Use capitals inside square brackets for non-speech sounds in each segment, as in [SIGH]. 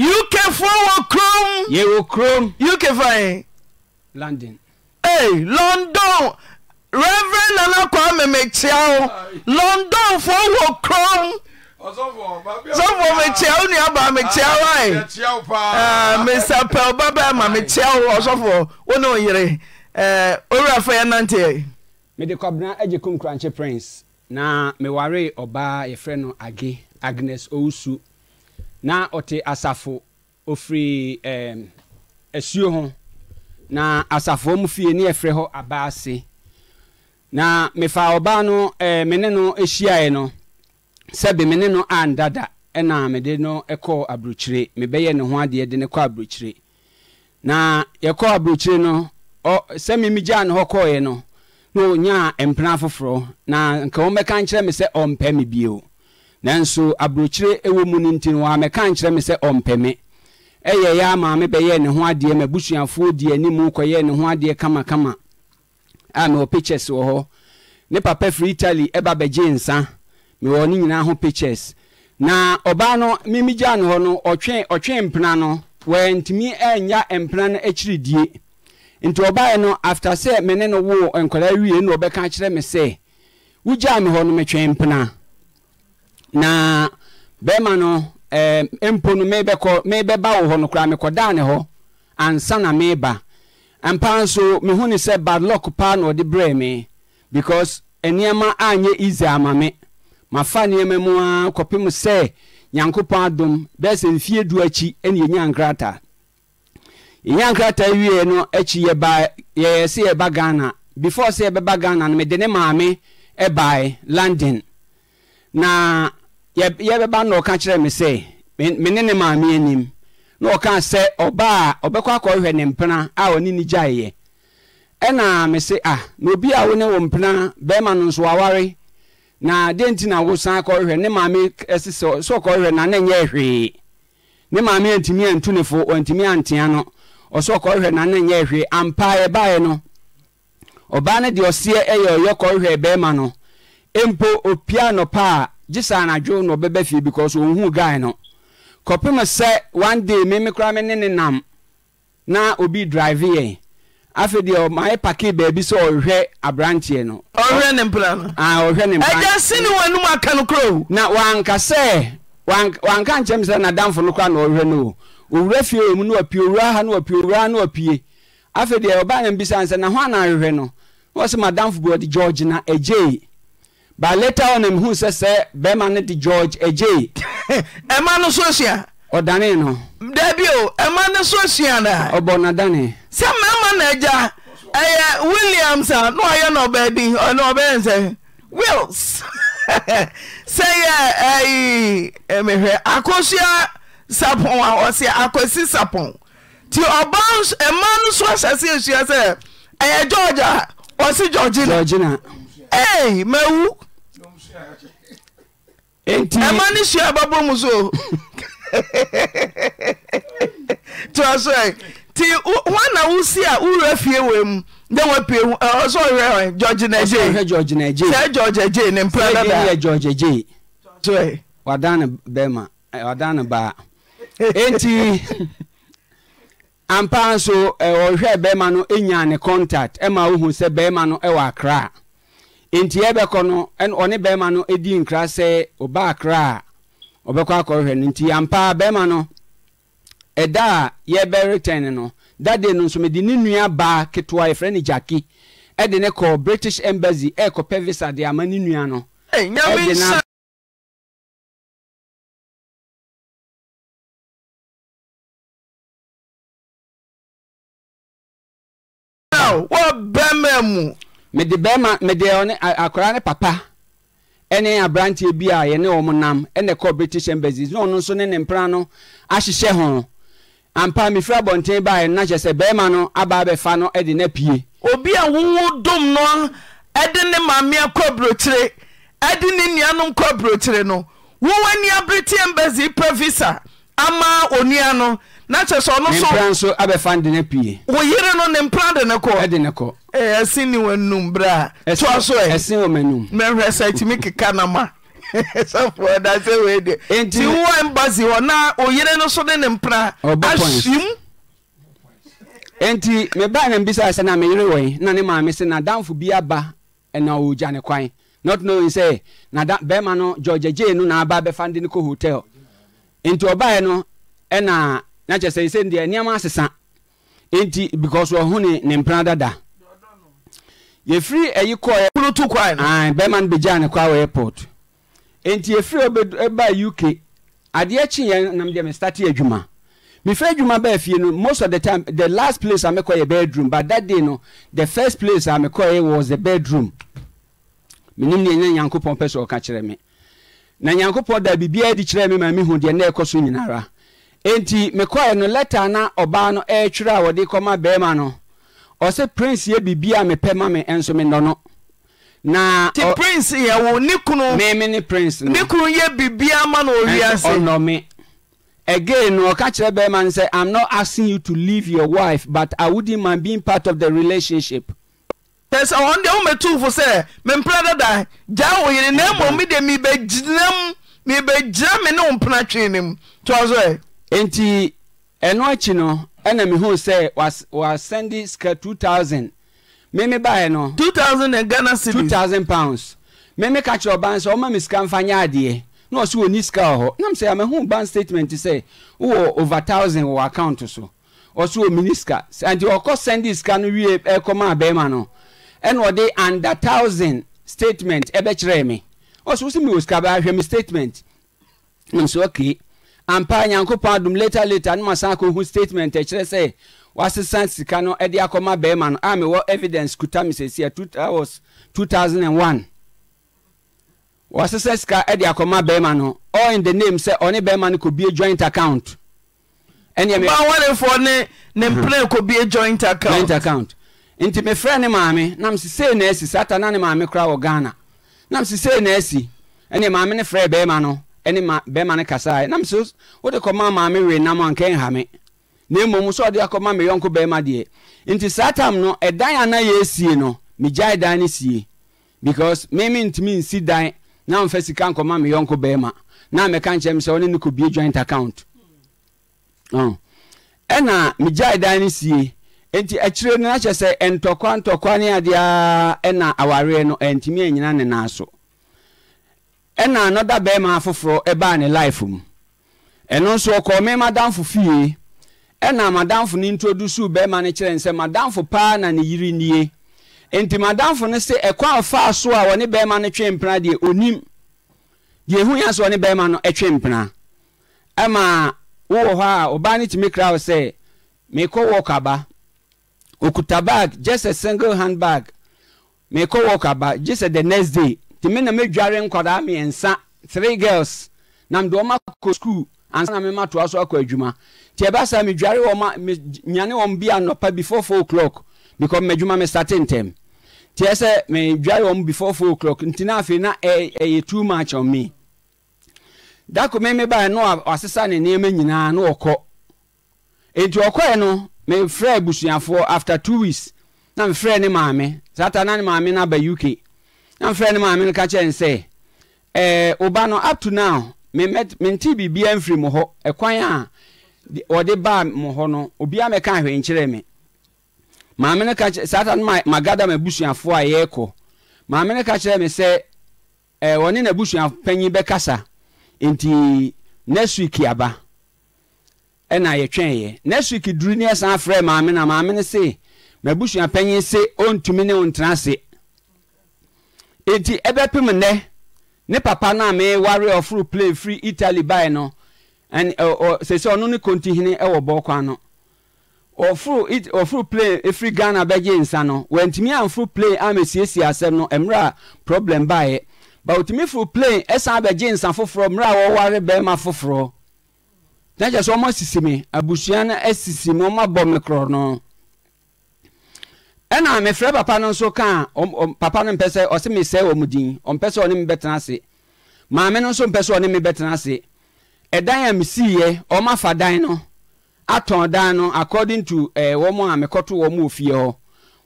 uk fún wọ kurom. yẹ wọ kurom. uk fain. london. ee hey, london reverend nana kwame mekyia o london fún wọ kurom. sọfọ mekyia o nuaba mekyia o ayi. mr pel baba ma mekyia o ọsọfọ wọn n'o yẹrẹ ẹ owurọ afọ yẹn nante yẹ. mede kwabena agye kum kranche prince na meware ɔbaa yɛfrɛ no age agnes owusu na ɔte asafo ofiri ɛɛm asuo ho na asafo mu fie ne yɛfrɛ hɔ aba na mefa ɔbaa no ɛɛ me ne no ahyiaeɛ no sɛbi me ne no andada ɛna mede no ɛkɔɔ aburokyire mebɛyɛ ne ho adeɛ de ne kɔ aburokyire na yɛkɔɔ aburokyire no ɔ sɛmi megyaa ne hɔ no na onyaa mpena foforɔ na nka wɔn bɛka nkyerɛ me sɛ ɔmpɛ bio nanso aburokyire ɛwɔ mu no nti no wɔamɛka nkyerɛ me sɛ ɔmpɛ me ɛyɛ yɛ ama bɛyɛ ne ho adeɛ ma busuafoɔ di anim kɔyɛ ne ho adeɛ kamakama a mewɔ pictures wɔ hɔ ne papa firi italy ɛba bɛgye nsa mewɔ ne nyinaa ho pictures na ɔbaa no mimigya no hɔ no ɔtwe ɔtwe mpena no ntumi ɛnya mpena no akyiri die nti ɔbaa no after sɛ me no wo nkwadaa wie na ɔbɛka kyerɛ me sɛ wogyaa me hɔ no metwɛn mpena na bɛrima no ɛɛ eh, mpo no mebɛkɔ mebɛba wɔ hɔ no koraa mekɔdaa ne hɔ ansa na meba mpa nso mehu ne sɛ bad luck paa na ɔde brɛ me because nneɛma anyɛ easy ama me mafa nneɛma mu a kɔpem sɛ nyankopɔn adom bɛɛ sɛ mfie du akyi ɛne yɛnya nkrataa yɛnya nkrataa wie no akyi yɛba yɛyɛ sɛ yɛba ghana before sɛ yɛbɛba ghana no mede ne maame ɛbae london na yɛbɛba na ɔka kyerɛ me sɛ me ne maame anim na ɔka sɛ ɔbaa a ɔbɛkɔ akɔhwɛ ne mpena a ɔne ne gyaeɛ ɛna me se a ah, na obi a wo ne wɔ mpena bɛrima no nso aware na deɛ nti na wo san kɔhwɛ ne maame ɛsesɛ sɛ ɔkɔhwɛ na ne nyɛ hwee ne maame antumi antu ne fo ɔntumi antea no ɔsɛ ɔkɔhwɛ na ne nyɛ hwee ampa ɛbaeɛ no ɔbaa no deɛ ɔseɛ yɛ, ɔyɛ kɔhwɛ bɛrima no mpo opia nɔpa a gye saa anadwo na ɔbɛbɛ fie because ɔnhu guy no kɔpem sɛ one day me me koraa me ne ne nam na obi drive yɛn afei deɛ ɔmayɛ pake baabi sɛ ɔhwɛ aberanteɛ no ɔhwɛ ne mpra no ah, ɔhwɛ ne mpra ɛgya si ne w'anum aka no kuro na wanka sɛ wanka nkyɛm sɛ n'adamfo no koraa na ɔhwɛ no o owura fie wɔ mu na wapie owura ha na wapie owura ha na wapie afei deɛ ɔbaa na mbisa sɛ na ho ana ahwehwɛ no na ɔsɛ madamfo bi ɔde george na ɛgyee but later on m sɛ sɛ bɛrima george [LAUGHS] eje. ɛma no so sua ɔdane oh, no daabi o ɛma no so sua naa ɔbɔ oh, nadane sɛ mmarima na agya ɛyɛ williams a na ɔyɛ no ɔbaadi ɔne ɔbɛyɛ sɛ wills [LAUGHS] sɛ yɛ mehwɛ akosua a no so asua george a ɔse georgina mawu ɛma no sua babɔ mu so toaso nti woana si a wowera fie wei mu dɛ woapie ɔsɛ ɔwerɛ george nagyesɛ george agye ne mpradadayɛ george agye wadane bɛma wadane baa Nti, ampa nso ɔhwɛ bɛrima no ɛnya ne contact ma no kra. nti ɛbɛkɔ no ɛna ɔne bɛrima no edi nkra sɛ ɔbaa kra a ɔbɛkɔ akɔhwɛ no nti ampa bɛrima no ɛda a yɛbɛretɛn no dade no nso mede ne nua baa ketewa yɛfrɛ no gyaki ɛde ne kɔ british embassy ɛrekɔpɛ visa de ama ne nua no ɛde na. wọ́n bẹ́ẹ̀ mẹ́mu. mede bɛrima mede ɔne akwaraa ne papa ɛne aberanteɛ bi a yɛne wɔn nam ɛna ɛkɔ british embassy na ɔno nso ne ne mpran no ahyehyɛ ho ampa mefiri abɔnten baeɛ no na kyerɛ sɛ bɛrima no aba abɛfa no de no apue obi a wowo dom no ɛde ne maame akɔ aburokyire ɛde ne nuanom kɔ aburokyire no wowo ani British embassy pɛ visa ama onua no na kyɛ sɛ ɔno sompra nso abɛfa de no pie wo no ne de ne kɔ ɛde ne kɔ ɛsin ne w'anum berɛ a toa so ɛ ɛsin wɔ m'anum mɛhwɛ sɛ tumi keka na ma sɛfoɔ [LAUGHS] dasɛ wei deɛ nti wowɔ mbazi hɔ na oyere no so de ne mpra ahyim enti mebaa na mbisa sɛ na meyere wɔi na ne maame sɛ nadamfo bi aba ɛna ɔgya ne kwan not knowing sɛ nada bɛrima no george J. no na aba bɛfa de no kɔ hotel nti ɔbaeɛ no ɛna na kyerɛ sɛ sɛ deɛ nneɛma asesa nti because ɔhone ne mpena dada yɛfiri ayi kɔɛ kunu tu kwae no bɛrima no bɛgyaa ne kɔ a airport nti yɛfiri ɛbaa uk adeɛ kye yɛn nam deɛ mestate adwuma mefɛ adwuma baa fie no most of the time the last place a mekɔ yɛ bedroom but that day no the first place a mekɔɛ was the bedroom menim neɛ ɛnya nyankopɔn pɛ sɛ ɔka kyerɛ me na nyankopɔn da biribiaa di kyerɛ me ma mehu deɛ na ɛkɔ so nyinara enti mekɔɛ no lɛta na ɔbaa no ɛretwerɛ a wɔde kɔma bɛrima no ɔsɛ prince yɛ biribi a mepɛ ma me nso me nɔ no na ti prince yɛ wo ne kunu meme ne prince no ne kunu yɛ biribi ama na owiase ɔnɔ me again no ɔka kyerɛ bɛrima no sɛ i'm not asking you to leave your wife but i wouldn't mind being part of the relationship tẹsán ọ̀hún deɛ wọ́n tu fún sẹ́ mẹ́mpẹ́rẹ́ dada gya òyìnbó náà mi de mi bẹ gyina mi bẹ gyina mi ní òun pẹ́nà twẹ́ ni mu tí wọ́n sọ yẹ nti ɛno akyi no ɛna mehu sɛ wasɛnde sika 2000 meme baɛ no 2000 ghana city 2000 pounds meme ka kyerɛ ɔban sɛ ɔma me sika mfa nyɛ adeɛ na ɔsɛ wɔni sika wɔ hɔ nam sɛ amahu ban statement sɛ wowɔ over thousand wɔ account so ɔsɛ ɔmini sika nti ɔkɔ sɛnde sika no wie ɛkɔmaa bɛrima no ɛna ɔde under thousand statement ɛbɛkyerɛɛ me ɔsɛ wo sɛ mewɔ sika bɛahwɛ me statement nam sɛ okay. mpaa nyankopɔn adum letalata ne masankɔhu statement kyerɛ sɛ wasesan sika no de akɔma brima no amewɔ ah, evidence kutamesɛsia 001 sesa sikadamabma no ine mhm. nam sɛ ɔn bma n ɔbie joint accountntimefrɛ ne maam nses saatanan mam ra hna sfɛ bman ɛne ma bɛrima no kasaeɛ nam so wode kɔma maame wee nam anka nhame na mmom sɛ ɔde akɔma me yɔnko bɛrima deɛ nti saa tam no ɛdan a na yɛsie no megyae dan no sie because meme ntumi nsi dan na mfa sika nkɔma me yɔnko bɛrima na mɛka nkyɛm sɛ wone ne kɔbie joint account ɛna mm. megyae dan no sie nti akyire no akyɛ sɛ ntɔkwa ntɔkwa ne adeɛ ɛna awareɛ no ɛntumi anyina ne naa so ɛna another bɛrima foforɔ ɛbaa ne life mu ɛno nso ɔkɔɔ me madamfo fie ɛna madamfo no introduce bɛrima no kyerɛ nsɛ madamfo paa na ne yiri nie nti madamfo no sɛ ɛkwan ɔfaa so a wɔne bɛrima no twe mpena deɛ onim deɛ ehu yɛn so ɔne bɛrima no ɛtwe mpena ɛma wowɔ hɔ a ɔbaa no tumi kra sɛ mekɔ wɔk aba okuta bag just a single hand bag mekɔ wɔk aba just the next day te me na medware nkwadaa mmiɛnsa three girls na mede ɔma kɔ skul ansa na mema toa so akɔ adwuma nti ɛbɛ sa medware ɔma nyane wɔn bi anɔpa before four o'clock because mmadwuma me starte ntɛm nti ɛsɛ medware wɔn before four o'clock nti na afei ɛyɛ too much on me dako meme baa no asesa ne nneɛma nyinaa na ɔkɔ nti ɔkɔɛ no mefrɛ abusuafoɔ after two weeks na mefrɛ ne maame saa ta na ne maame no aba uk na mfrɛ no maame no ka kyerɛ n sɛ ɛɛ ɔba no up to now me mente biribia mfiri mo hɔ ɛkwan a wɔde baa mo hɔ no obiara mɛka ahwenkyerɛ me maame no ka kyerɛ saata no magada m'abusuafoɔ a yɛrekɔ maame no ka kyerɛ me sɛ ɛɛ wɔne n'abusua panyin bɛkasa nti next week aba ɛna yɛtwɛn yɛ next week duru ne ɛsan afrɛ maame na maame no se m'abusua panyin se ɔntumi ne ɔntena ase eti ɛbɛpem nnɛ ne papa no a meware ɔforo plane firi italy bae no sɛsɛ ɔno eh, ne kontihene eh, wɔ bɔɔkɔ ano ɔforo ɔforo plane eh, efiri ghana bɛgye nsa no wɔntumi amforo plane amesiesie asɛm no mmerɛ a problem baeɛ ba otumi foro plane ɛsan bɛgye nsa foforɔ mmerɛ a wɔware bɛrima foforɔ na kyerɛ sɛ ɔmo asisi me abusua no asisi me ɔmo abɔ me korɔ no ɛna mefrɛ papa no nso kaa papa no mpɛ sɛ ɔse mesɛe wɔ mu din ɔmpɛ sɛ ɔne me bɛtena ase maame no nso mpɛ sɛ ɔne me ase ɛdan a mesiiɛ ɔma fa dan no atɔn dan no according to ɛɛ eh, wɔn a mekɔto wɔn wɔ fie hɔ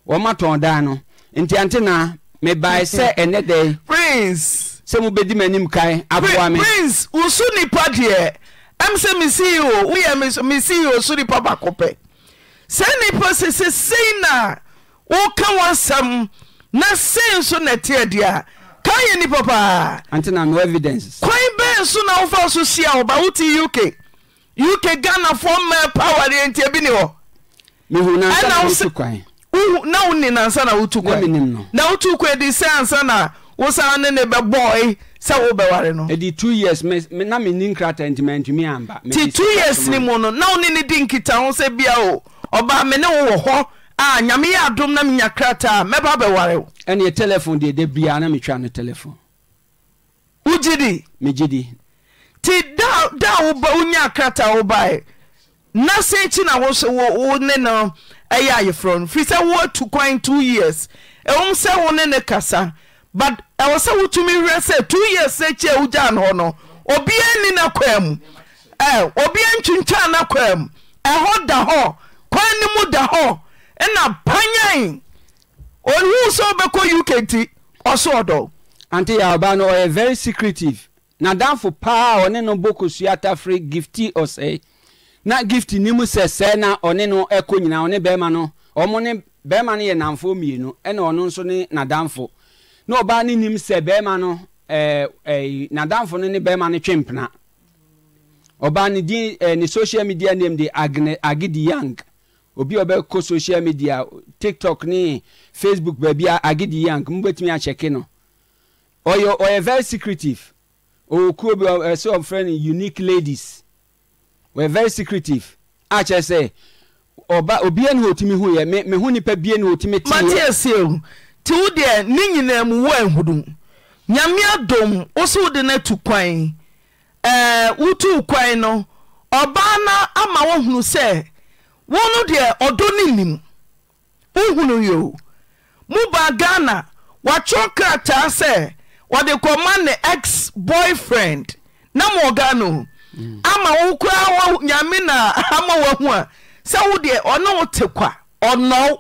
wɔn atɔn dan no nti ante na mebae sɛ ɛnɛ dɛ. prince sɛ mo bɛdi m'anim kae aboa me. prince wosu nipa deɛ ɛm sɛ mesii o woyɛ mesii o so nipa baako pɛ sɛ nipa sɛ na. woka wɔnsɛm na sei nso na ɛteɛ deɛ a ka yɛ ni paa kwan bɛɛ nso na wofa so sie a woba wote uk uk ghanafoɔ mmaa pawareɛ nti bi ne hɔ na woni nansa na wotu kwan na wotu kwan de sɛ ansa na wo san ne ne bɛbɔe sɛ wobɛware noti two years ne mu no na wone ne di nkita ho sɛ bia o ɔbaa me ne wowɔ hɔ Ah, nyame yɛ adom na menya krataa mɛba bɛware wo ɛneɛ telefone deɛ da na metwa no telefone wogye di megye di nti da woba wonya krataa wo na sɛ na wo ne no ɛyɛ ayeforɔ no firi sɛ woatu kwan 2 years ɛwom sɛ wo ne kasa but ɛwɔ sɛ wotumi werɛ ɛna panyan ɔhuu sɛ wobɛkɔ uk ti, nti Ante anti ọba no ɔyɛ very secretive nadamfo paa ɔne no bɔkɔsua atafere gifti ɔsɛe na gift ni mu sɛ na ɔne no ɛkɔ nyinaa ɔne bɛrima no ɔmo ne bɛrima no yɛ namfoɔ mmienu ɛna ɔno nso ne nadamfo na ɔbaa no nim sɛ bɛrima no nadamfo no ne bɛrima no twempena ɔbaa no din ne social media name de Agidi young obi a ɔbɛkɔ social media tiktok ne facebook baabi a agidi yank mubɛtumi akyɛke no ɔyɛ ɔyɛ very secretive ɔwɔ kuo bi ɛsɛ ɔfrɛ no unique ladies ɔyɛ very secretive akyɛ sɛ ɔba obiara ni ɔtumi hu yɛ me me hu nipa bie ni ɔtumi tie. mate esi o ti wo deɛ ne nyinaa mu wɔ ehuru dom adom wosow de no atu kwan ɛɛ wotu kwan no ɔbaa na ama wɔhunu sɛ. wọnụ deɛ ɔdɔ no nim wohunu yɛo mobaa ghana wɔakyerɛ krataa sɛ wɔde kɔma ne ex boyfriend na ma n'o ama wo koraa nyame na [LAUGHS] ama a sɛ wo deɛ ɔne wo te kwa ɔnɔw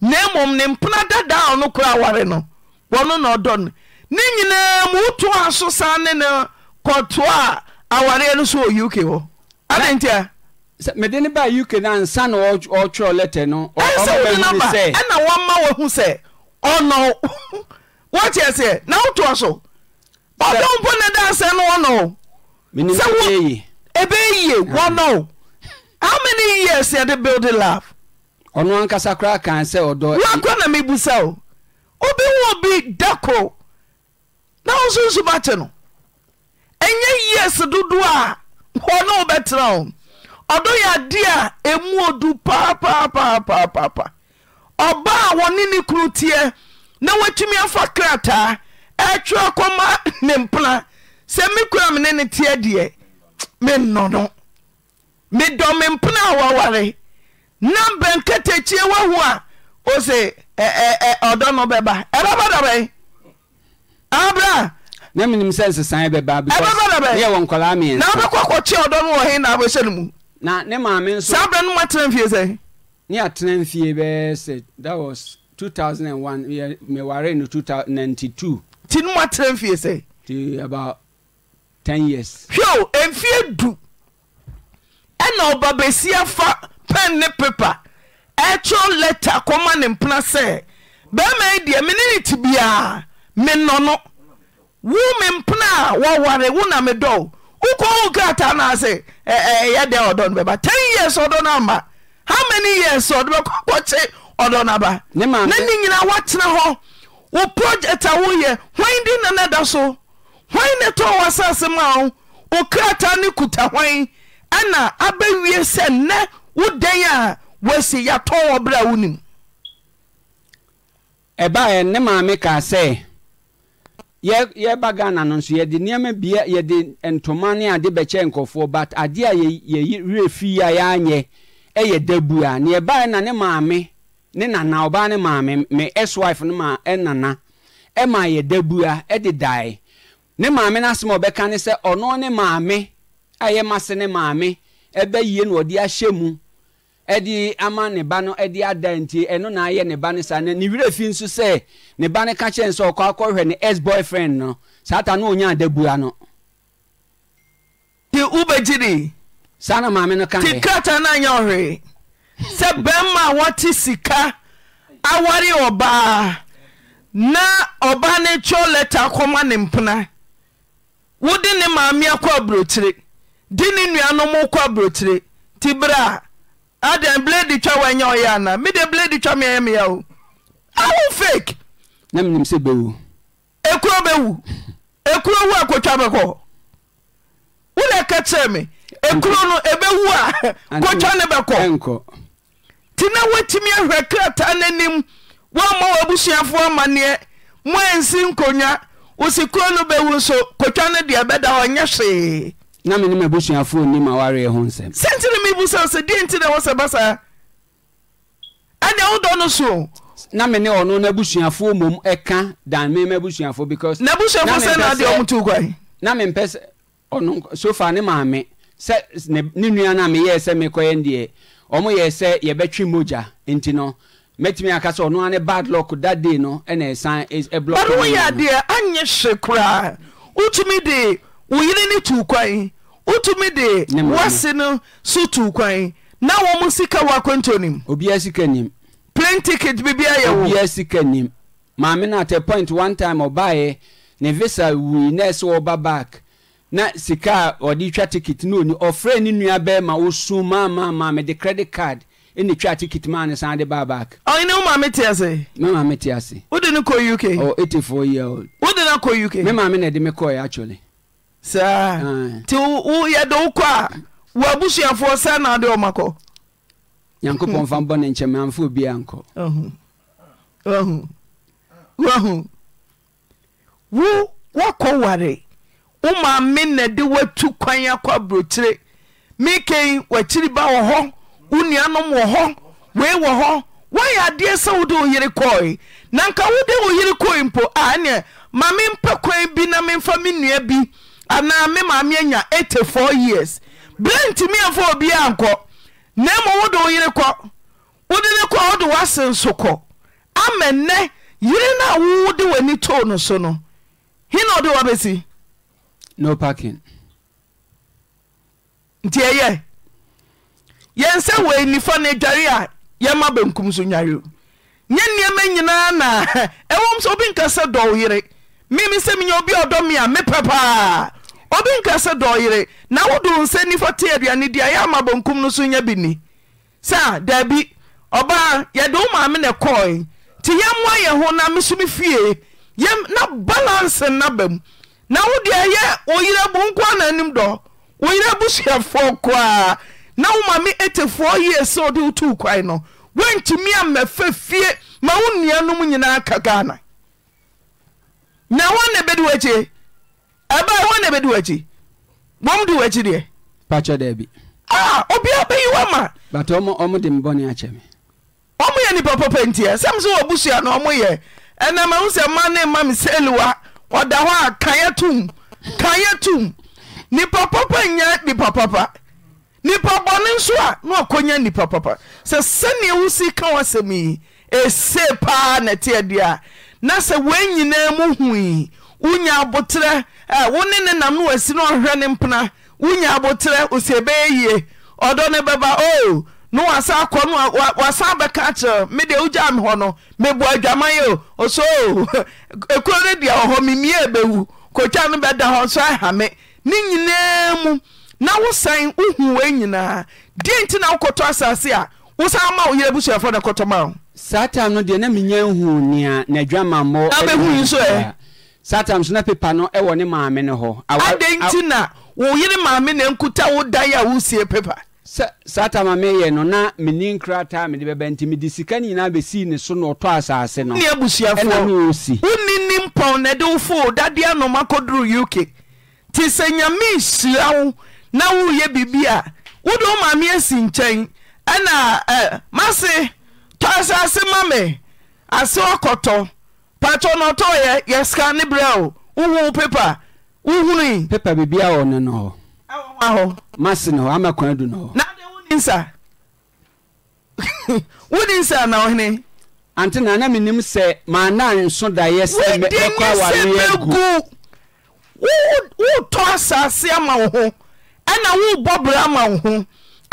na mmom ne mpena dadaa ɔno koraa ware no wɔno na ɔdɔ no ne nyinaa saa ne no a awareɛ no so wɔ uk hɔ mede ne baa uk no ansa na ɔtwerɛ lɛtɛ no ɛna wɔma wahu sɛ ɔnɔ wɔteɛ [LAUGHS] seɛ na wotoa so ɔdɔ ne da asɛ no ɔnɔ sɛ ɛbɛyie wɔnɔ how many years yɛde build love ɔno ankasa koraa kan sɛ ɔdɔ wakɔ na mebu sɛ o obi wɔ bi da na wo so no ɛnyɛ years dodoɔ a wɔne wobɛtena o ɔdɔ yɛ ade a emu odu paapaapaapaapa ɔbaa a wɔne ne kunu teɛ na watumi afa krataa ɛtwerɛ kɔma ne mpena sɛ me kura me ne ne teɛ deɛ mennɔ no medɔ me mpena a wɔaware na bɛnkatakyiɛ wahu a o se ɔdɔ no bɛba ɛbɛba dabɛn abra na menim sɛ nsesae bɛba ɛbɛba dabɛn na wobɛkɔ akɔkye ɔdɔ no wɔ he na abɛhyɛ no mu na ne maame nso. saa abirɛ no mu atena mfie sɛ. ne atena mfie bɛɛ sɛ that was two thousand and one yɛ meware no two thousand ninety two. ti no mu atena mfie sɛ. ti about ten years. hwɛo mfie du ɛna ɔba besi afa pen ne paper ɛtwerɛ lɛta kɔma ne mpena sɛ bɛrima yi deɛ mene ne ti biara menɔ no wo me mpena a wɔware wo na medɔw. wokɔwo krataa no ase yɛ ɔdɔ no bɛba 10 years ɔdɔ no how many years ɔde bɛkɔkɔkye ɔdɔ no aba na ne nyinaa woatena hɔ wo project a woyɛ hwan din na no da so hwan ne tɔɔ w'asase ma wo wo krataa kuta hwan ɛna abɛwie sɛ nnɛ wo a woasi yɛatɔ wɔ berɛ a wonim ɛbaɛ e, ne maame kaa sɛ yɛba ghana no nso yɛde nneɛma bia yɛde ntoma ne ade bɛkyɛ nkɔfoɔ but adeɛ a yɛwerɛ fii a yɛanyɛ ɛyɛ dabu ne yɛbaeɛ na ne maame ne nana ɔbaa ne maame me ex-wife no ma ɛnana ɛma yɛ dabua ɛde dae ne maame no asɛm a ɔbɛka ne sɛ ɔno ne maame a yɛma se ne maame ɛbɛyie na ɔde ahyɛ mu ɛde ama ne ba no ɛde ada nti ɛno na ayɛ ne ba no saa ne werɛ fi nso sɛ ne ba no ka kyerɛ nsɛ ɔkɔ akɔhwɛ ne ex boyfriend no saa ta no ɔnya adabua no nti wobɛgye de saa na maame no ka nti krata no anyɛ ɔhwee sɛ bɛrima a wɔte sika aware ɔbaa na ɔbaa no kyɛw lɛta akɔma ne mpena wode ne maame akɔ aburokyire de ne nuanom kɔ aburokyire nti berɛ a adɛn blade twa woanyɛ ɔyɛ ana mede blade twa meɛyɛ meyɛ o awo fake na menim sɛ bɛwu ɛkuro bɛwu ɛkuro wu akotwa mɛkɔ wodɛ ka kyerɛ me ɛkuro no ɛbɛwu a kotwa ne bɛkɔ nti na woatumi ahwɛ krataa n'anim woamma w'abusuafoɔ amanneɛ mo ansi nkonwa wo si kuro no bɛwu so kotwa no deɛ bɛda ɔnyɛ hwee na me ne m'abusuafoɔ nnim awareɛ ho nsɛm sɛntene mebusa sɛ deɛ nti na ɛwɔ sɛ basa ɛne wodɔ no so na me ne ɔno n'abusuafoɔ mmom ɛka dan me m'abusuafoɔ because Na n'abusuafoɔ sɛ na adeɛ ɔmo tu kwan na me mpɛ sɛ ɔno sofa ne maame sɛ ne nua no a meyɛɛ sɛ mekɔyɛ deɛ ɔmo yɛ sɛ yɛbɛtwe mogya nti no mɛtumi aka sɛ ɔno ane bad luck that day no ɛna ɛsan block. bɛre woyɛ adeɛ anyɛ hye koraa wotumi de wo yere ne tuu kwan wotumi de woase no so tuu kwan na wɔm sika wɔakwantonim plan ticket biribiaa yɛwo maame no atɛ point one time ɔbaeɛ ne visa wui na ɛsɛ back na sika a ɔde twa ticket no oni ɔfrɛ ne nua bɛrima ɔsu maamaama mede credit card ɛne twa ticket maa ne san de ba back ɔne wo maame te ase me maame te ase wode no kɔ uk ɔ 84 year old wode no kɔ uk me maame na ɛde me kɔɛ actually saa nti woyɛde wokɔ a wɔ abusuafoɔ sa na wode ɔmakɔ nyankopɔn fa bɔ ne nkyɛ mamfa obi nkɔ wahu wo woakɔ ware wo maa me na de woatu kwan akɔ aborɔkyire mekei wakyiri ba wɔ hɔ wo nuanom wɔ hɔ wei wɔ hɔ woayɛ adeɛ sɛ wode wo yere kɔe na nka wode wo yere kɔe mpo a ɛneɛ ma mempɛ kwan bi na memfa me nnua bi anaa me maameanya 84 years berɛ ntimi ɛmfa ọbịa nkɔ na mmom wode wo yere kɔ wode ne kɔ wode nso kɔ yere no a wowo w'ani too no so no hena ɔde wabɛsi nti ɛyɛ yɛn sɛ no adware a yɛma bɛnkum so nnwareo nyɛ nneɛma nyinaa na [LAUGHS] ɛwɔm sɛ obi nkasɛ dɔ wo yere meme sɛ obi a ɔdɔ a mepɛ obi nka sɛ dɔ yere na wodoo nsɛ nifɔ teaduane de a yɛ ama bankum no so nya bi nni sa daabi ɔbaa yɛde womaa me nɛ kɔn nti yɛmoa yɛ ho na mesome fiee na balanse nna ba m na wo de yɛ o yer bunkonoanim dɔ o yer busuafoɔ go aa na woma me tefoɔ yie sɛ ode wotuo kwan no wonkimi ama fɛfie ma wo nnua nom nyinaa ka na abɛ hɔ ah, de bɛdi woakyi mɔm di woagyi deɛ obiabɛyiwoma ɔmoyɛ nnipa papa ntia sɛmeso wɔbu suano ɔmoyɛ ɛnamahosamaanema meseliwa ɔda hɔ a kaeɛ tom kaa tom nnipa papa ya nipapapa nnipa bɔne nso a na ɔkɔya nnipaapa sɛ sɛneɛ wosi ka wasɛmyi see paa nateadeɛa na sɛ wɔ nyinaa mohui wonya aboterɛ eh, wo ne ne nam no wasi no ɔhwɛ ne mpena wonya aboterɛ osi ɛbɛyɛ yie ɔdɔ ne bɛba oh, o na wasa akɔ no wasan bɛka mede wogyaa me hɔ no o ɔso ɛkuro [LAUGHS] no dea wɔ hɔ memie bɛwu kotwa no bɛda hɔ ahame ne nyinaa mu na wohu nyinaa deɛ nti na wokɔtɔ asase a wosan wo no deɛ satams na pepa no ɛwɔ ne maame ne hɔ. adan ti na wòyere maame na nkuta wo dan a wosie pepa. sata maame yɛ no na mini nkrataa mede bɛbɛ nti mede sika no nyinaa bɛsii ne so na ɔtɔ asase no ne abusuafoɔ ne ɔsi wonni ni mpɔn na ɛde wo dadeɛ anoma kɔduru uk nti sɛ nyame nhyira wo na woyɛ biribi a wode wo maame asi nkyɛn ɛna mase tɔ asase ma ase ɔkɔtɔ paatɔ na ɔtɔɔyɛ yɛska ne berɛ o wohu pepa wohunui pepa biribia wɔ ne no hɔ mase ne hɔ ama kwan du no hɔ woni nsa [LAUGHS] woni nsa na ɔhene ante na na menim sɛ maana nso daeɛ sɛ mɛkɔ awareɛ gu wotɔ asase ama wo ho ɛna worebɔ bra ama wo ho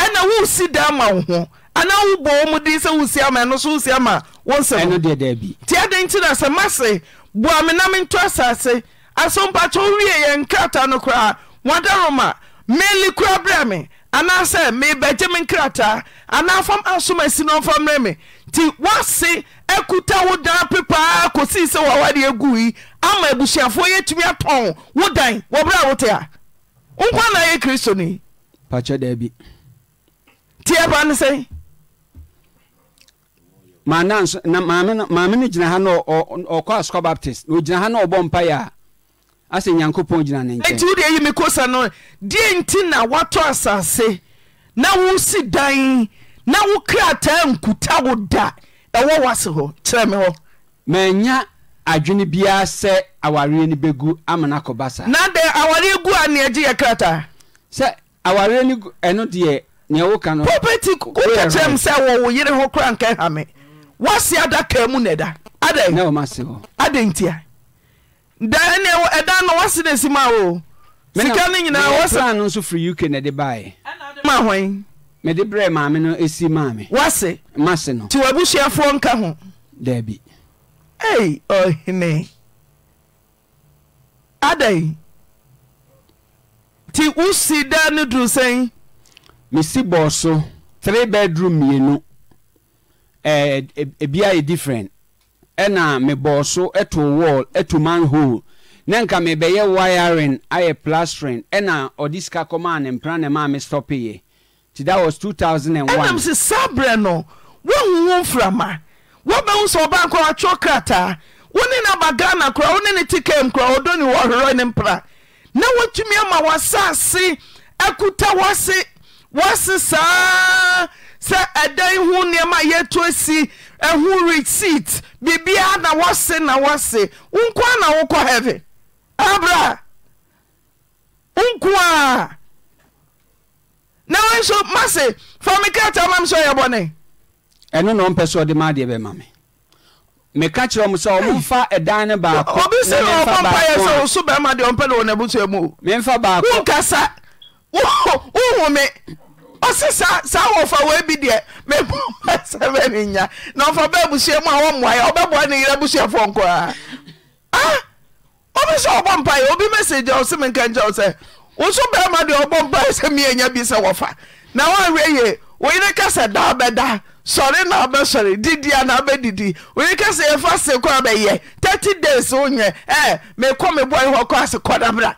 ɛna woresi da ama wo ho anaa wobɔɔ mudi sɛ wosiamɛnowosiamtiadɛn nti na sɛ mase boa mena me nto asase aso pato o wie yɛ nkrataa no koraa woda roma meli koraberaa me anaasɛ meebagye me nkrataa anaa fam asom asinofammerɛ me ti wose akuta wo dan pepaa kosii sɛ wawade gui ama abusuafoɔ yɛtumi aɔooro maame no maame no gyina ha na ɔkɔ asukɔ baptist na ogyina ha na ɔbɔ mpaeɛ a asɛ nyankopɔn gyina ne nkyɛnti wode ɛyi me kosa no deɛ nti na woatɔ asase na wosi dan na wo nkuta wo da ɛwɔ wase hɔ kyerɛ me hɔ manya adwene biara sɛ awareɛ no bɛgu amana kɔ basa na dɛ awareɛ gu a neagye yɛ krataa sɛ awareɛ no ɛno deɛ neɛ woka no popɛti woka kyerɛ m sɛ wɔwo yere ho kora nka ha me wasi adaka mu na ɛda adan na wɔn ase hɔ adan ntia dan na ɛwɔ ɛdan na wasi na esi ma o sika ne nyinaa wasi. plan no nso firi uk na ɛde baeɛ. ɛna ma hɔn. mɛde brɛ maame no esi maame. wasi. masi no. tiwa busuafoɔ nka ho. dabi. ɛyi ɔhene Adai. ti wusi dan ne duru sɛn. mesi bɔɔso three bedroom mmienu. Eh, eh, ebi ayɛ different ɛna mebɔɔ so ɛto wall ɛto manhole na nka mebɛyɛ wiring ayɛ plastering ɛna ɔde sika kɔmaa ne mpra ne maa me stop yɛ nti that was 2001 ɛnam sɛ saa berɛ no woahu wo mframa wobɛhu sɛ ɔba nkɔ atwɔ krataa wo ne na aba ghana koraa wo ne ne te kam koraa ɔdɔ ne wɔhwerɛ ne mpra na woatumi ama wasase akuta wase wase saa sɛ ɛdan ho nnoɔma a yɛato asi ho receipt biribiaa na wose na wose wonko a na wokɔ heaven abra wonko a na wonso mase fa mekrataa mam sɛ ɔyɛbɔne ɛno na ɔmpɛ sɛ ɔde bɛma me meka kyerɛ m sɛ ɔmomfa ɛdan ne baakobisɛɔmpayɛ sɛ bɛma deɛ ɔmpɛ o wohu me ɔse sa wɔfa woabi deɛ mebɔmasɛmɛ ne nya na ɔfa bɛ abusua mu a wɔmmoaeɛ ɔbɛboa ne sɛ ɔbɔ obi mɛsɛgya bɛrima deɛ ɔbɔ sɛ bi sɛ wɔfa na woawerɛ ye wo yere ya sɛ daa sɔre na wobɛsɔre didi a na wobɛdidi wo yere ka sɛ se kɔ a bɛyɛ days ɛ yi kɔ ase kɔdabra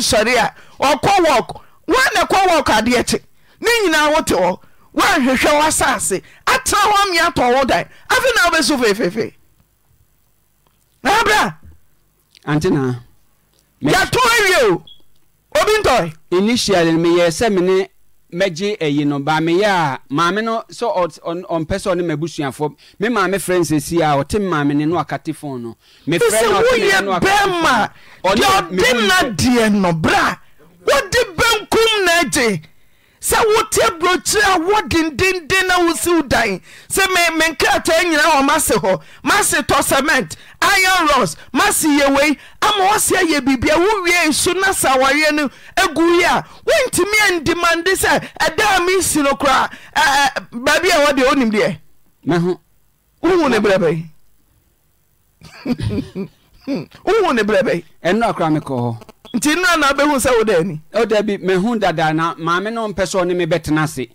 sɛ woana kɔ ọkọ adeɛ kye ne nyinaa wote hɔ woanhwehwɛ w'asase atena hɔ amea atɔ wo dan afe na wobɛso feefefe abra antena yɛto awie o obi ntɔe initially no meyɛɛ sɛ me ne mɛgye baa meyɛ a maame no sɛ ɔmpɛ sɛ ɔne m'abusuafoɔ me maame frɛ nsɛsi a ɔte me maame ne no akate fon no mefrɛ no ɔte ne no akate fon no wode benkum na agye sɛ wote aburokyire a wo dendenden na wosi dan sɛ menkrataa nyinaa wɔ mase hɔ mase tɔ cement iron ros mase yɛwei ama wɔse ayɛ biribia wowie na no agu yi a wontumi andimande sɛ ɛda a mesi no koraa baabi a wɔdeɛ wonim deɛ wohu ne [LAUGHS] wohu ne berɛ bɛi ɛnora kora mekɔ hɔ nti na wobɛhu sɛ wo ani ɔda bi mahu dada na maame no mpɛ sɛ ɔne me bɛtena ase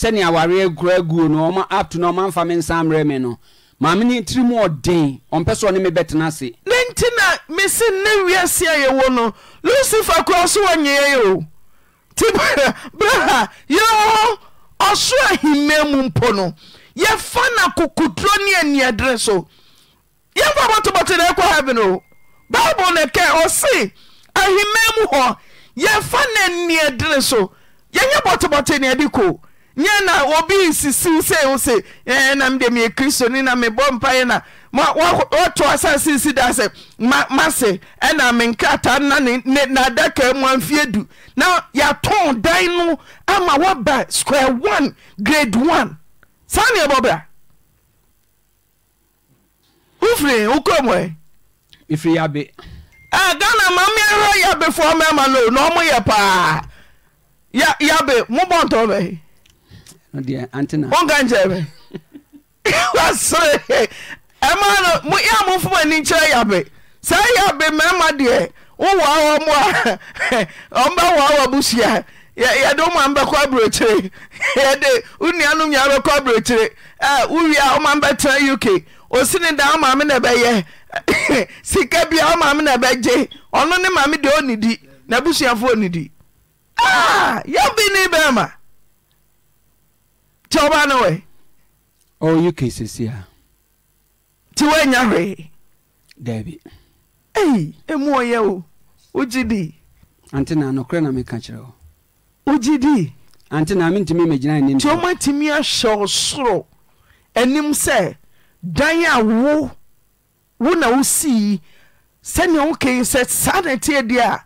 sɛnea awareɛ guo no ɔma apto ɔmamfa me nsa mmerɛ me no maame no tiri mu ɔden ɔmpɛ sɛ ɔne me bɛtena ase ne nti na mese nne wiase a yɛwɔ no lucifer kora so wɔnyɛɛ o nti braha yɛwɔ mu mpo no yɛfa na ne so yɛmfa bɔtobɔte ne ɛkɔ ha ve no bible no kɛ ɔse ahema mu hɔ yɛfa na nneɛ dene so yɛyɛ bɔtobɔte nede k yɛ na obi sisiw s sɛnamɛɛkrisninɔɛno asassi daasɛanaekraaandakam afed na yɛatɔ dan no ama wba suae 1 gr1n wofiri wokɔmɛ ɛfiri yɛ abe eh, ghana ma meɛhwɛ yɛabefoɔ mɛma ma na ɔmo yɛ paa yɛabe mobɔntɔ bɛ wonka [LAUGHS] nkyerɛ na wasere ɛma eh, no yɛ mofom ani nkyerɛ yɛabe saa yɛabe mɛma deɛ wowoa wɔ mo a ɔmbɛwoa wɔ abusua yɛde woma ya bɛkɔ aborɔkyere yɛde wo nnuanom nyaa bɛkɔ aborɔkyere wowie ya woma m uk osini da ɔma na ɛbɛyɛ [LAUGHS] sika bia ɔma me na ɛbɛgye ɔno ne mame deɛ ɔnidi na abusuafo ɔnidi ah, yɛbi ne bɛma kyɛ woba no wɛ ɔyɛ ha ti nti woanya hwee daabi ei emu ɔyɛ o wogye di ante na nokorɛ na meka kyerɛ hɔ wogye di ante na mentumi megyina anim ahyɛ ɔsoro anim sɛ dan a wo wo na wosii sɛnea wokai sɛ saa na ɛtiɛdeɛ a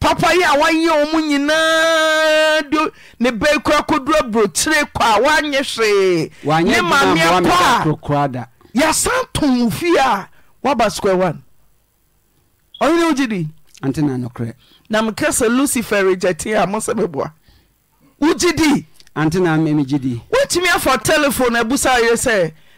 papa yi a woayɛ wɔ mu nyinaa de ne bɛi kora kodura brokyire kɔ a woanyɛ hwee ne mameɛkɔ a yɛasan tom fie a waba square one ɔyene wogye di na mekɛ sɛ lucifer regyatee a mo sɛ meboa wogye di wotumi afa telephone abusa yerɛ sɛ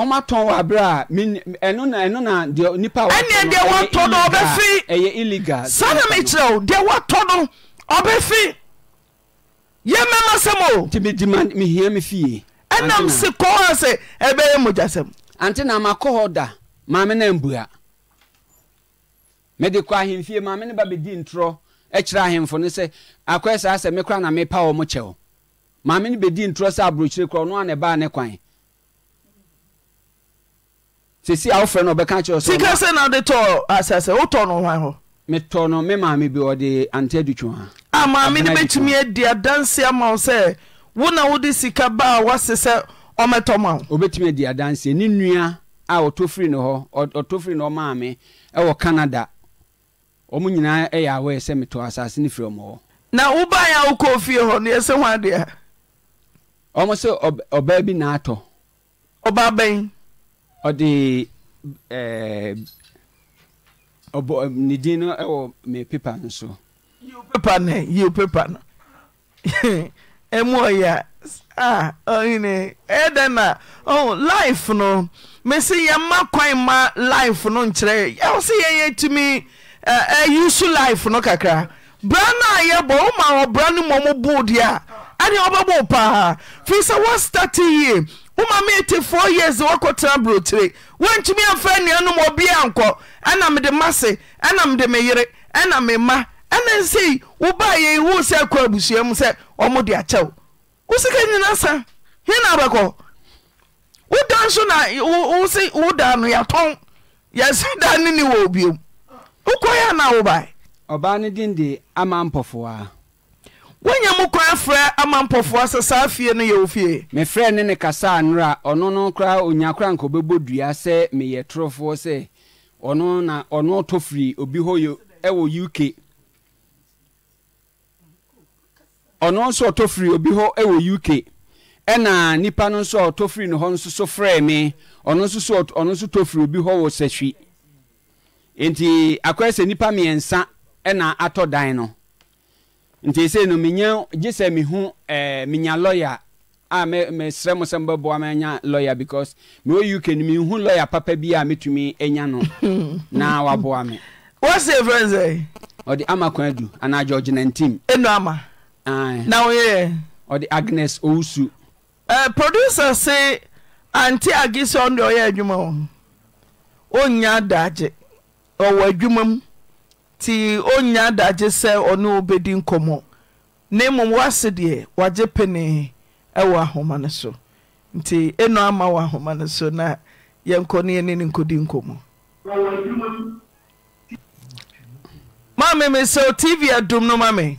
ɔma tɔn abira ẹnu na ẹnu na deɛ nipa wa tɔn no ɛyɛ illegal ɛyɛ illegal fi yɛ mɛma sɛm o. nti na ma kɔ hɔ da na mbua mɛde kɔ ahemfie maame ne ba bɛ di ntorɔ e ɛkyerɛ ahemfo sɛ saa sɛ mekora na mepa wɔn kyɛw maame ne bɛ ntorɔ sɛ aburokyire korɔ a ne kwan. sɛsi a wofrɛ no ɔbɛka kyerɛ sika sikasa na wode tɔ asasɛ wotɔ no hwan hɔ metɔ no maame bi ɔde ante adutwuha a maame no bɛtumi adi ama wo wo na sika ba a ɔmɛtɔ ma adi a ɔtɔ firi ne hɔ ɔtɔ firi ne ɔmaame ɛwɔ canada ɔmo nyinaa ɛyɛ asase firi hɔ na fie hɔ adeɛ ɔmo sɛ bi ɔde ɛɛ ɔbɔ ne din no ɛwɔ me pepa no so. yiw pepa ne? yiw pepa no ɛmu ɔyɛ a ɔyine ɛdɛ e na ɔn life no mesi yɛma kwan ma life no nkyerɛ ɛwɔ si yɛn yɛ tumi ɛɛ e, yusu e life no kakra bra no a yɛbɔ ɔmo a ɔbra no mu ɔmo buu deɛ a ɛni ɔbɛbɔ paa fi sɛ wɔ start yie. woma meete 4 years wɔkɔtena borɔkyire wontumi amfa nnuanom ɔbia nkɔ ɛna mede mase ɛna mede me yere ɛna me mma ɛna nsei wobaa yɛi woo sɛ akɔ abusua mu sɛ ɔmode akyɛwo wo sika nyina sa na bɛkɔ woda nso nawose wodaa no yɛtɔn yɛsɛ daa ne ni wɔ biom wokɔ yɛ ana wo ɔbaa no din de ama mpɔfoaa wonya mu kwan ama amampɔfoɔ sɛ saa fie no yɛwo fie ne ne kasaa nnora ɔno no koraa onya kora nka ɔbɛbɔ dua sɛ meyɛ torofoɔ sɛ ɔno na obi hɔ ɛwɔ uk ɔno nso ɔtɔ firi uk ɛna nipa no nso ɔtɔ firi ne hɔ nso obi hɔ wɔ nti sɛ no menya gye sɛ mehu eh, menya lɔya mesrɛ mo sɛ mbɛboa ma lɔya because mewɔ uk no mehu lɔya papa bi a metumi anya no [LAUGHS] na waboa me wɔse frɛ ɔde ama kwan adu anaa george nantim ama na woyɛ ɔde agnes owusu uh, producer se ante agye sɛ ɔnde ɔyɛ adwuma wɔ ɔnya daagye ɔwɔ adwuma mu nti onya adagye sɛ ɔne wobɛdi nkɔmmɔ na mmom woase deɛ wagye pene wɔ ahoma no so nti ɛno ama wɔ ahoma no so na yɛnkɔ ne yɛne ne nkɔdi nkɔmmɔ maa me o! tv adom no ma me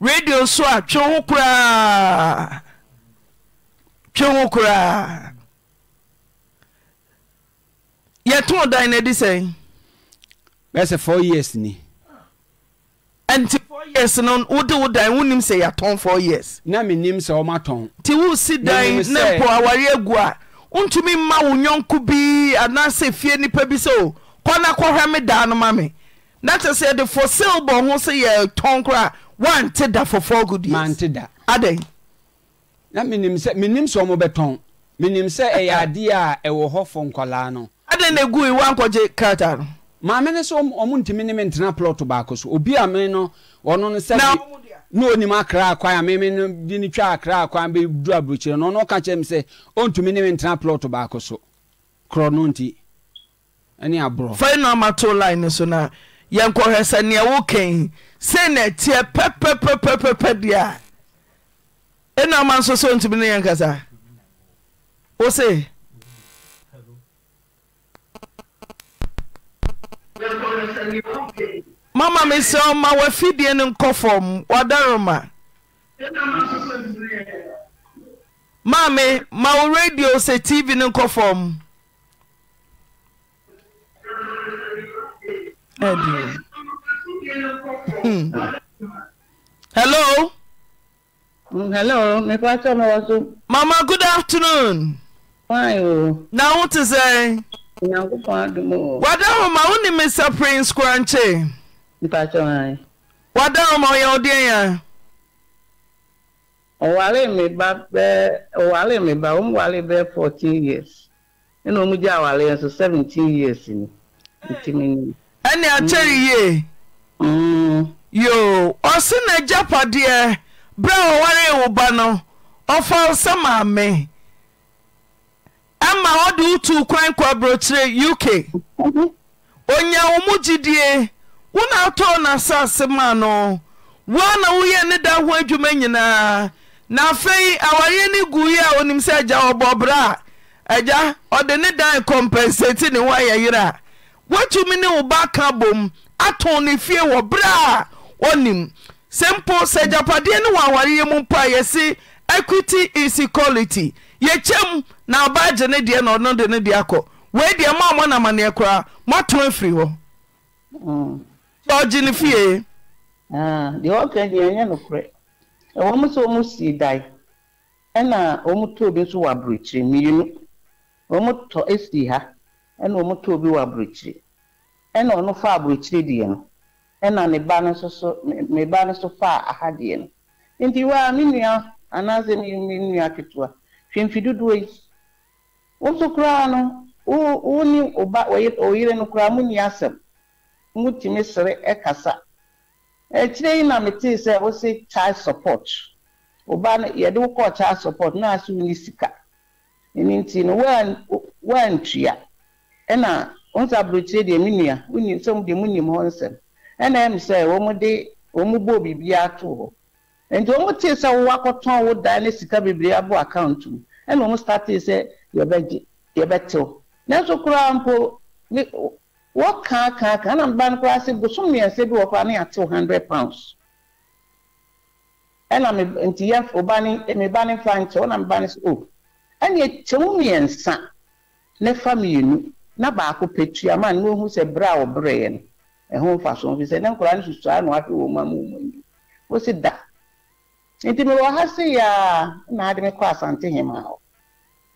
radio so a twe ho koraa twe ho koraa yɛtoo dan na adi sɛn bɛɛ sɛ four years ni. ɛnti four years no wode wo dan wonim sɛ yɛatɔn four years. na mi nim sɛ ɔma tɔn. ti wo si dan ne po awari egu a ntumi mma wo nyɔnko bi anaasɛ fie nipa bi sɛ o kɔ na kɔhwɛ me dan no ma me na kyɛ sɛ yɛde for sale bɔ ho sɛ yɛtɔn koraa wante da for four good years. mante da. adan. na menim sɛ menim sɛ ɔmo bɛtɔn menim sɛ ɛyɛ adeɛ a ɛwɔ hɔ fɔ nkɔlaa no. adan na egu iwa nkɔgye krataa no maame ne sɛ ɔmo ntumi ne me ntena plɔt baako so obi a me no ɔno no sɛ ne onim akra akwan a meme no de ne twa akra akwan bɛdu aburokyerɛ no ɔno ɔka kyerɛ me sɛ ɔntumi ne me ntena plɔt baako so korɔ no nti ɛne aborɔ fa no amato line so no yɛnkɔhwɛ sɛ neɛ wokan sei na ɛteɛ pɛpɛpɛpɛpɛ deɛ ɛna ɔma nso sɛ ɔntumi ne yɛnkasa wo se mama mesɛo ma woafidie no nkɔfɔm wada roma mame ma wo radio sɛ tv ne nkɔfɔm [LAUGHS] hello mm, mama good aftrnono wada homa wo ne mr prince korankye wada homa ɔyɛ ɔdeɛ ya ɔware me ba bɛɛ ɔware me ba wɔn ware bɛɛ fourteen years ɛna wɔn gye aware yɛn so seventeen years ni nti mi ni. ɛnni akyɛre mm. yie. Mm. yoo ɔsi na agyapadeɛ bere a ɔware ewu ba no ɔfa ɔsɛ ama ɔde wotu kwan kɔaborɔkyerɛ uk onya wo mu gyidie wona wotɔɔ n'asase ma no woa na woyɛ ne hụ ho adwuma nyinaa na afei awareɛ n'igwu gu yi a onim sɛ agya ɔbɔbrɛ a agya ɔde ne dan kɔmpɛnsɛti ne ho ayɛ yerɛ a woatumi ne wo ba ka bom atɔn ne fie wɔ berɛ a ɔnim sɛ mpo sɛ agyapadeɛ ne wɔ ya mu mpo a yɛse equity is equality yɛkyɛm na ɔbaagye ne deɛ na ɔno de ne deɛ akɔ wei deɛ mo a mɔnamanneɛ koraa moato afiri hɔ mm. ɔgye ne fie ah, deɛ ɔka deɛ ɛnyɛ nokorɛ ɛwɔ m sɛ ɔmu sii dae ɛna ɔmutɔɔ bi nso wɔ aburokyire mmienu ɔmutɔ sii ha ɛna ɔmutɔɔ bi wɔ aburokyire ɛna ɔno fa aburokyire deɛ no ɛna ne ba no nso ne ba no nso fa aha deɛ no nti waa me nua anaasɛ me nua ketewa hwɛ dodoɔ yi utukuraanu uni uba oyirenu koraa mu nua asɛm mutumi sere ɛkasa akyire yi na metee sɛ wosi child support ɔbaa no yɛde wokɔɔ child support na aso wuni sika ɛni nti no wɔantua ɛna nsa aburokyire deɛ mu nua wuni nsɛm deɛ mu nim hɔ nsɛm ɛna ɛm sɛ wɔn de wɔn bɔɔ biribi ato hɔ nti wɔn tee sɛ wɔn akɔtɔn wɔn dan ne sika bebree account mu ɛna wɔn sɛ. yɛbɛgye yɛbɛtew nanso koraa mpo ne wɔkaa kaa kaa na mba no koraa sɛ bosom mmiɛnsa bi wɔ koraa ne yɛatew hundred pounds ɛna me nti yɛ ɔba ne me ba ne fa nkyɛw na mba ne so o oh. ɛna kyɛw mmiɛnsa ne fa mmienu na baako petua ma na ohu sɛ bere a ɔbereɛ no ɛho mfa so fi sɛ ne nkoraa no susu ano afi wɔn mu amu wɔn mu wɔsi da nti mewɔ ha se yaa na adi me kɔ asante hema hɔ.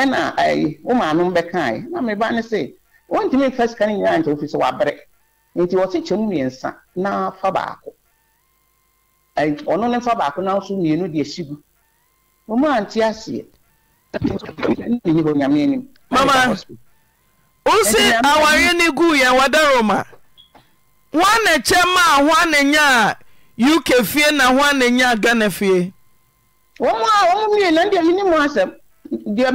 ɛna ɛyi wo maano bɛkae na meba ne se wontumi mfa sika no nyinaa nkyɛ wofiri wabere nti wɔse kyɛm mmiɛnsa na fa baako ɔno ne fa baako na nso mmienu de asi gu moma nte aseɛ neyi hɔ nyame anim mama wosi awareɛ no guu yɛn wadaroma hoa na kyɛ ma a hoa na nya a uk fie na hoa na nya a ghana fie wɔm a wɔm mmienu ndeɛ menim asɛm deɛ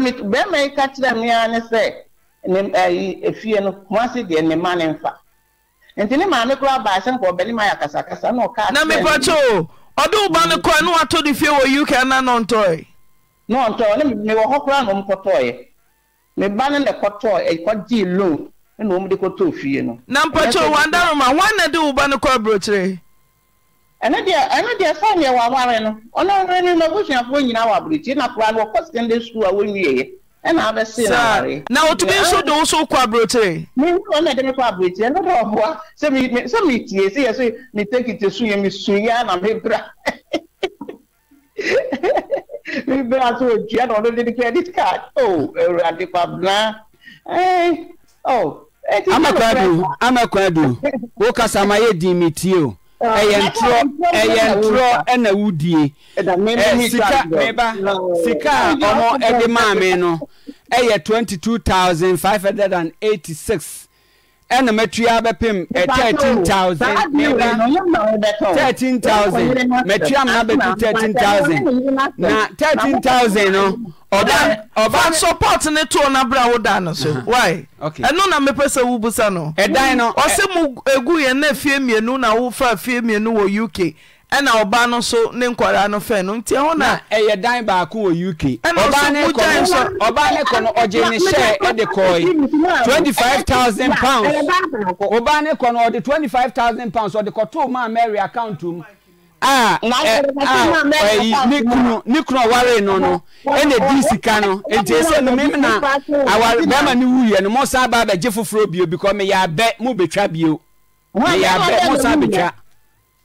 yi ka kyerɛ ne sɛ ne efie no kumasi deɛ ne ma ne nfa nti ne maame kura baasi nkɔ ɔbɛni ma yɛ akasakasa na ɔka. na mipatso ɔde ɔba ne kɔ de fie wɔ uk na ɔntɔɛ. na ne mi wɔ hɔ kura na ɔmo kɔtɔɛ ba ne na ɛkɔ loan ɛna ɔmo de kɔtɔ fie no. na na de ɔba ne ɛno deɛ ɛno deɛ sɛ neɛ waware no ɔno ɔno ne no abusuafoɔ nyinaa wɔ aberɛkyi na koraa no wɔkɔ secondary school a wɔnwieɛ ɛna abɛsee no aware na wotumi nso de wo so wokɔ aberɛkyire menkɔ na ɛde me kɔ aberɛkyire ɛno dɛ ɔboa sɛ metie sɛ yɛ [LAUGHS] so metekite so yɛ mesuiɛ na mebra mebra sɛ ɔdua na ɔno de ne credit card o oh, awurade kwabena oh, ama kwadu ama kwadu wo kasama yɛ di metie o Ah, ɛyɛ ntorɔ ɛyɛ ntorɔ ɛna wudie ɛ sika meba sika a ɔmo ɛde maame no ɛyɛ twenty two thousand five hundred and eighty six ɛna mɛtua bɛpem thirteen thousand neba thirteen thousand mɛtua mena bɛtu thirteen thousand na thirteen thousand no ɔba ɔba support ne toɔ n'abere a woda no so uh-huh. why ɛno na mepɛ sɛ wobusa no ɛdan no ɔsɛ mu egu yɛn na fie mmienu na wofa fie mmienu wɔ uk ɛna ɔbaa no so ne nkwadaa no fɛ no nti ɛho na ɛyɛ dan baako wɔ uk ɔbaa ne kɔ no ɔbaa ne kɔ no ɔgye ne hyɛ ɛde kɔɔ yi twenty five thousand pounds ɔbaa ne kɔ no ɔde twenty five thousand pounds ɔde kɔtoo ma mary account mu a ɛ a ɛyi ne kunu ne kunu ɔware no no ɛna di sika no nti esi no mi na awari bɛrima ne wuyɛ no mo san ba abɛgye foforɔ bio bikɔ meyɛ abɛ mo betwa bio meyɛ abɛ mo san betwa.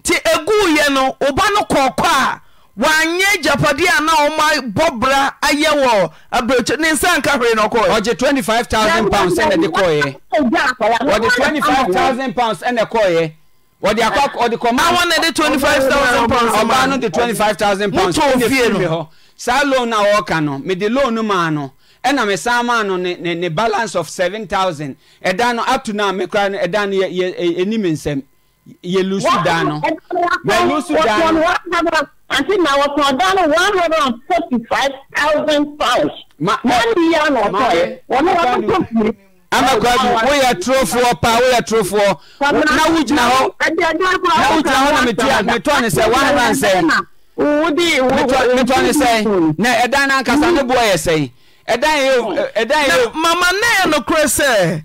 nti ɛguiɛ no woba no kɔɔkɔ a wanyɛ gyapadeɛ a na ɔma bɔbra ayɛ wɔ abrɛkyi ne nsa nka hwee no kɔɛ ɔgye 25000 pounds ɛna de kɔɔyɛ ɔde 25000 pounds ɛna kɔɔyɛ ɔde akɔ ɔde kɔma awon na five thousand pounds ɔbaa twenty five thousand pounds ɛna firi mi hɔ saa loan na ɔɔka no mede loan no maa no ɛna me san maa no ne ne balance of 7000 ɛdan no up na now mekura no ɛdan no yɛ mi nsɛm yɛlusu daa no yɛlusu daa no. Àti na ọ̀sán ọ̀dánù one hundred and forty five thousand pounds. Wọ́n ní ìyá ọ̀nà ọ̀tọ̀ yẹn. Wọ́n ní wọ́n tó fi. Amakwadu woyɛ turofoɔ paa woyɛ turofoɔ na wogyina hɔ na wogyina hɔ na metua metɔ ne sɛ one hundred and sɛn metɔ ne sɛn mm. na ɛdan n'ankasa ne boɔ yɛ sɛn ɛdan yɛ ɛdan yɛ. Mama ne yɛ no kure sɛ.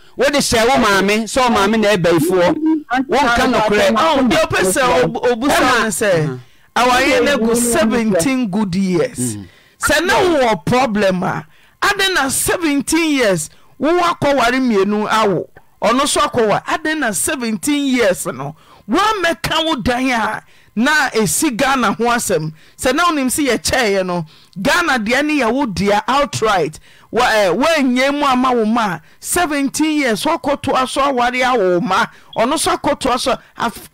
wode hyɛ wo maame sɛ omaame na abaifoɔ wonka nokorɛdeɛ pɛ sɛ obusaa no sɛ awaeɛ no agu 17 good years mm-hmm. sɛ ne wowɔ problem a adɛn na 17 years wo akɔware mmienu awo ɔno so akɔ wa adɛn na 17 years no woamɛka wo dan a na ɛsi ghana ho asɛm sɛ ne wonim sɛ yɛkyɛeeɛ no ghana deɛ ne yɛwo dea outright woanyɛ eh, mu ama wo ma a 17 years woakɔtoa so aware awo ma ɔno so akɔtoa so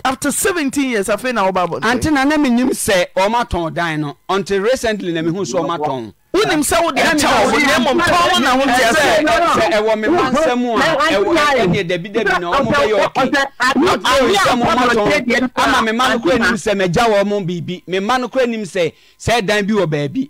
after seventeen years afei na wobabɔ ante na na menyim sɛ ɔmatɔn dan no until recently na mehu sɛ ɔmatɔn wonim sɛ wode akyɛwodemmɔtɔn na wodeasɛ ɛwɔ me mansɛm a ɛdeɛ dabi dabi na ɔmobɛyɛ ɔkesɛ momatɔn ama me ma no kora nim sɛ magya wɔ mo biribi me ma no kora nim sɛ sɛ dan bi wɔ baabi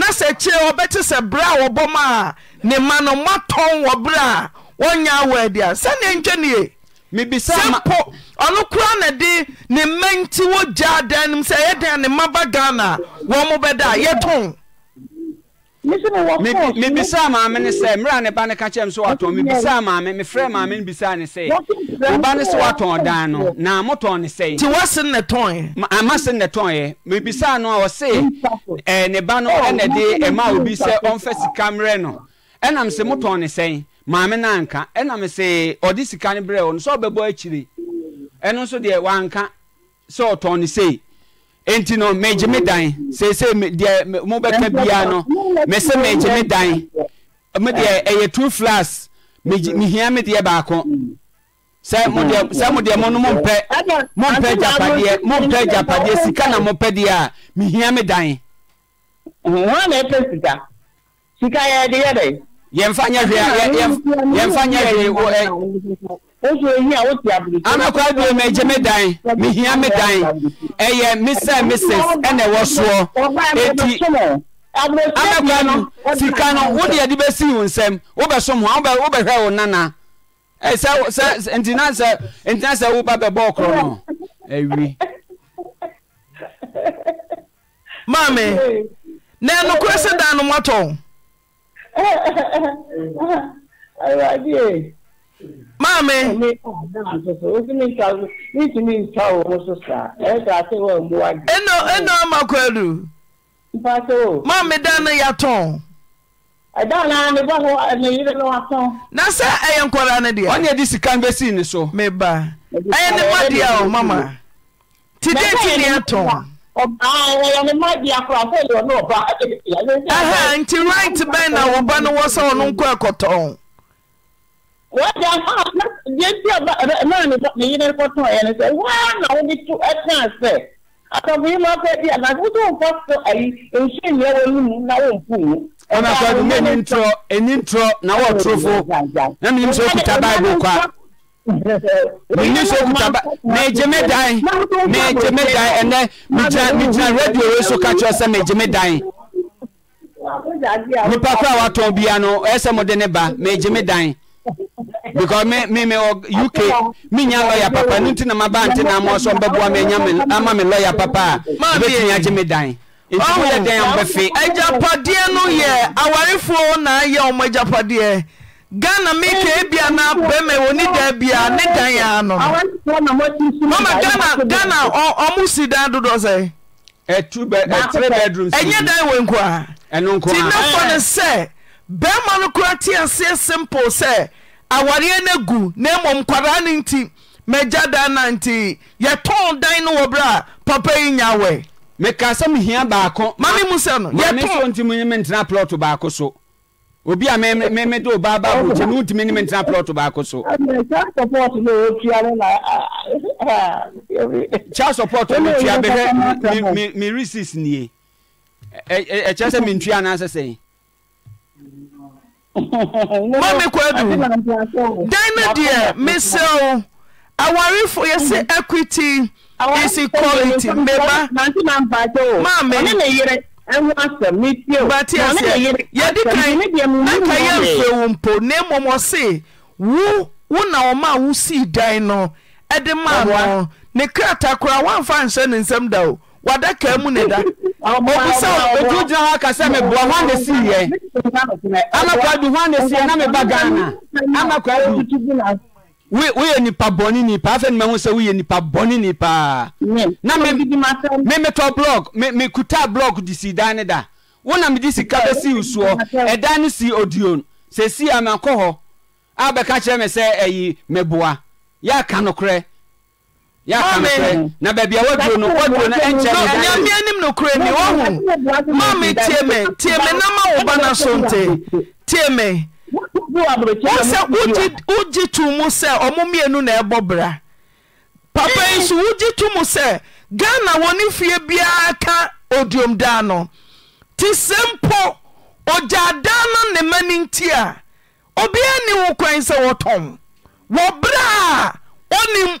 na sɛ akyie ɔbɛte sɛ berɛ a wɔbɔ ma a ne ma nomatɔn wɔ berɛ a wɔnyɛ awɔade a sɛdeɛ ngyenee mebisɛmpo ɔnokoraa na de ne mma nti wɔ gyaa dan nom sɛ ɛyɛ den a ne maba ghana a wɔ mo bɛda a yɛtɔn mebisa maame ne sɛ mmerɛ a ne ba no ka kyɛm so watɔn mebisa maame mefrɛ maame no bisa ne sɛ woba ne sɛ watɔn dan no na motɔn ne sɛi nti wase nnɛ tɔn ama se nnɛ tɔn ɛ mebisa no a ɔse eh, ne ba no ɛna de ɛma obi sɛ ɔmfa sika mmerɛ no ɛnam sɛ motɔn ne sɛn maame no anka ɛnam sɛ ɔde sika no berɛ ɔ no sɛ ɔbɛbɔ akyire ɛno nso deɛ wanka sɛ ɔtɔn ne sɛi enti no megye me dan sesedeɛ mobɛka biaa no me se megye me dan me deɛ ɛyɛ t flas mehia me deɛ baako sɛ modeɛ monɛpɛ gyapadeɛ sika na mopɛdeɛ a mehia me dan amakwa bio ma agye me dan mehia me dan ɛyɛ mesɛ meses ɛna ɛwɔ soɔ eti amakwa no sika no wode yɛde bɛsi wo nsɛm wobɛsom ho wobɛhwɛ wo nana sɛ eh, sɛ ntina sɛ ntina sɛ woba bɛbɔ ɔkorɔ no maame na ɛnokorɛ sɛ dan no [LAUGHS] maami. eno eno amakwelu. maami dan ya yatɔn. na sɛ ɛyɛ nkɔraa no deɛ ɔnyɛ de sika mbɛsii ne so meba ɛyɛ ne madea o mama nti dɛ nti ne atɔn aha nti right bɛn na wo ba no wɔ sɛ ɔno nkɔ ɛkɔtɔn wọ́n yà máa yẹ ti ọba náà ní yín ní kọ́tún ọ̀yẹ́ ní sẹ́ wọ́n náà wọ́n ti tú ẹ̀ka àṣẹ àtọ̀bù yìí máa fẹ́ di àná àfúnṣe òǹkọ́ sọ ẹ̀yìn èṣù ìyẹn wọ inú mu náà wọ́n fún mi. ọ̀nà àtọ̀dù ní ẹni ntọ́ ẹni ntọ́ náà wọ́n a. Mini so kuta ba mejeme dan mejeme ene migyina migyina redio so kakyɛ sɛ mejeme dan nipa koro a watɔn bia no ba because me me oh, UK me nya lawyer papa nti na maba nti na mo so me nya me ama me lawyer papa ma bi nya gye me dan nti mo yɛ dan dị agyapadeɛ no yɛ awarefoɔ na ayɛ ɔmo agyapadeɛ ghana meke ebia na bɛmɛ wɔ ne da bia ne dan ya mama ghana ghana si dan dan ti bɛrima no kora te aseɛ simple sɛ awareɛ no agu na mmom kwaraa no nti magya dan na nti yɛtɔn dan no wɔ berɛ a papa yi nya awɛ meka sɛ mehia baako ma me mu sɛ no yɛtɔn nti mentena plot baako so obi a mede o baa baa bɔkyɛ ne wontumi ne mentena plot baako so child support metua bɛhwɛ me resis nie ɛkyerɛ sɛ mentua anaasɛ sɛi Oh, mm-hmm. mami kwadu dan no deɛ mesɛo awarefo yɛsɛ equity is equality mbeba maame bateaseɛ yɛde kan nanka yɛmfrɛ wo mpo na mmom ɔse wu wo na ɔma wusi wosii dan no ɛde maa no ne krata koraa woamfa nhyɛ ne nsɛm da o wada ka mu ne da obusa ojú gyina hɔ aka sɛ meboa hɔ ne si yɛ amakwa du hɔ ne si yɛ na meba ghana amakwa du woyɛ nipa bɔne ni paa afɛ nimahu sɛ woyɛ nipa bɔne ni paa na memetɔ blɔg kuta blɔg di si dan ne da wona mede sika bɛsi wosoɔ ɛdan no si oduon sɛsi a makɔ hɔ a bɛka kyerɛ me sɛ ɛyi meboa yɛ aka nokorɛ na baabi a waduro no waduro no ɛnkyɛ no ɛnyɛ mmea nim no ni wɔhu maame mami me tie me na ma wo ba na so nte tie me wosɛ wogye na papa yi nso wogye to mu sɛ ghana wɔne fie biara ka odiom daa no te sɛ mpo ogya daa ma ne nti a obiara ni wo kwan sɛ wɔtɔn wɔ bra a ɔnim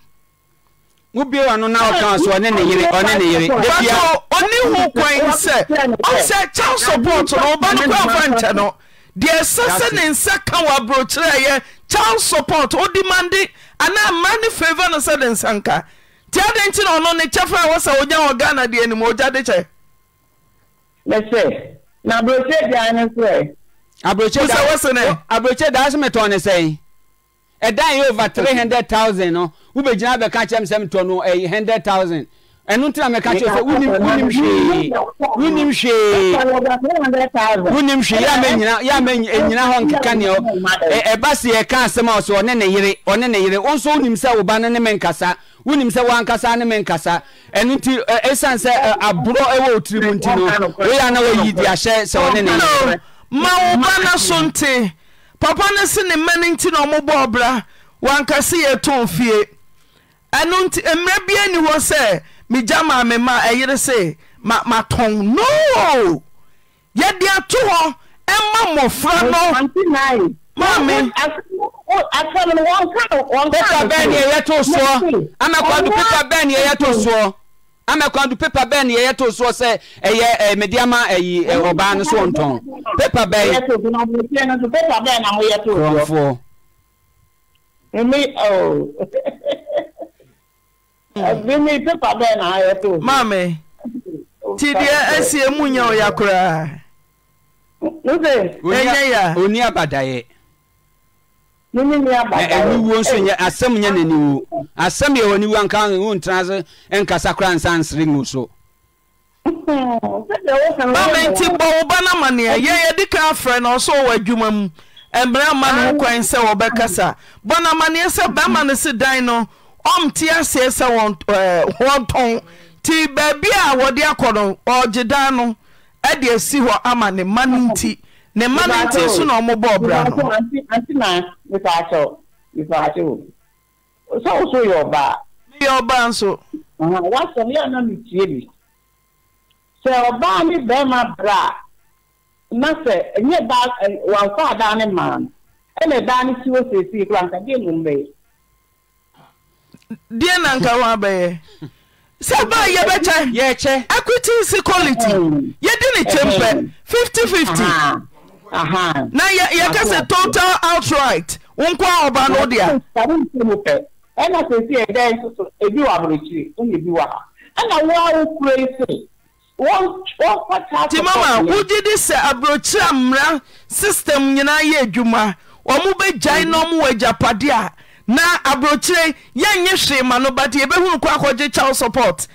wobie wano na ɔka so ɔne ne yere ɔne ne yere debia ɔne ho kwan sɛ support no ɔba no koamfa nkyɛ no deɛ ɛsɛ sɛ ne nsa ka wɔ aborɔkyerɛ yɛ child support odi mande anaa mma ne favor no sɛ de nsa nka nti ade nti na ɔno ne kyɛfa a wɔsɛ ɔgya wɔ ghana deɛ anim ɔgya de kyɛ mɛsɛ na aborɔkyerɛ bia ne sɛ aborɔkyerɛ da wɔ sɛ ne aborɔkyerɛ daa so metɔn ne ɛdan yɛ over three hundred thousand no wubɛgyina abɛka kyɛm sɛm tɔ no ɛyɛ hundred thousand ɛnu tena mɛka kyɛ sɛ wunim wunim hwee wunim hwee wunim hwee yɛ amɛnyina yɛ amɛnyina hɔ nkeka nea ɛba si ɛka asɛm a ɔsɛ ɔne ne yere ɔne ne yere ɔnso wunim sɛ ɔba ne ne mɛ nkasa wunim sɛ wankasa ne mɛ nkasa ɛnu ti ɛsan sɛ aburɔ ɛwɔ otiri mu nti no oyɛ ana wɔyi di ahyɛ sɛ ɔne papa no se ne mma no nti na ɔmobɔɔ bra wankase yɛtɔn fie ɛno nti mmerɛ bia nni hɔ sɛ megya maa ma ɛyere se matɔn no yɛde ato hɔ ɛma mmɔfra no maame pepa bɛn neɛ yɛto soɔ anakɔado pepa bɛn neɛ yɛto soɔ ama kwandu pepa bɛn ne yɛyɛ to soɔ sɛ ɛyɛ ɛɛ eh, mediama ɛyi ɔbaa no so ntɔn pepa bɛn. yɛ to bi na ɔmo tiɛ no so pepa bɛn na mo yɛ to soɔ. kurɔfoɔ. mi ooo ebi mi pepa bɛn na yɛ to soɔ. maame ti deɛ esi emu nya ɔya koraa. nse. ɛnyɛ ya. oni abadayɛ. ɛniwuo eh, eh, nso yɛ asɛm nyɛ n'aniwuo asɛm yɛ wɔ niwuo anka wontena se nkasa kora nsa nsere ngo so mama nti bɔ wo ba no amanneɛ yɛyɛde ka afrɛ na ɔsɛ ɔwɔ adwuma mu mmerɛ ama ne ho kwan sɛ wɔbɛkasa bɔ no amanneɛ sɛ bɛrima no se dan no ɔmte aseɛ sɛ eh, wɔntɔn nti baabi a wɔde akɔ no ɔgye dan no ɛde asi hɔ ama ne ma no nti ne mma no so na ɔmo bɔ ɔbra no. anti na nipa akyɛw nipa akyɛw sɛ woso yɛ ọba mi yɛ nso. wasɔn yɛ na mi tie bi sɛ ọbaa ne bɛrima bra na sɛ nye ba wanfa adan ne maa no ɛna dan ne siwo siesie kura nka deɛ na mbɛyɛ. na nka wɔn abɛyɛ. sɛ baa yɛbɛkyɛ. yɛkyɛ. equity security. Hmm. yɛdi ne kyɛmpɛ na yɛkɛ sɛ total outright wonkɔ a ɔba a. wodea ɛna sɛsi ɛdɛn e soso ebi ebi a wokura yi sɛ wɔn ti mama wogye di sɛ aburokyiri amuna system nyinaa yɛ adwuma wɔn bɛ gyae na wɔn wɔ agyapade a na aburokyiri yɛn nyɛ hwee no ba deɛ ebɛhunu kɔ child support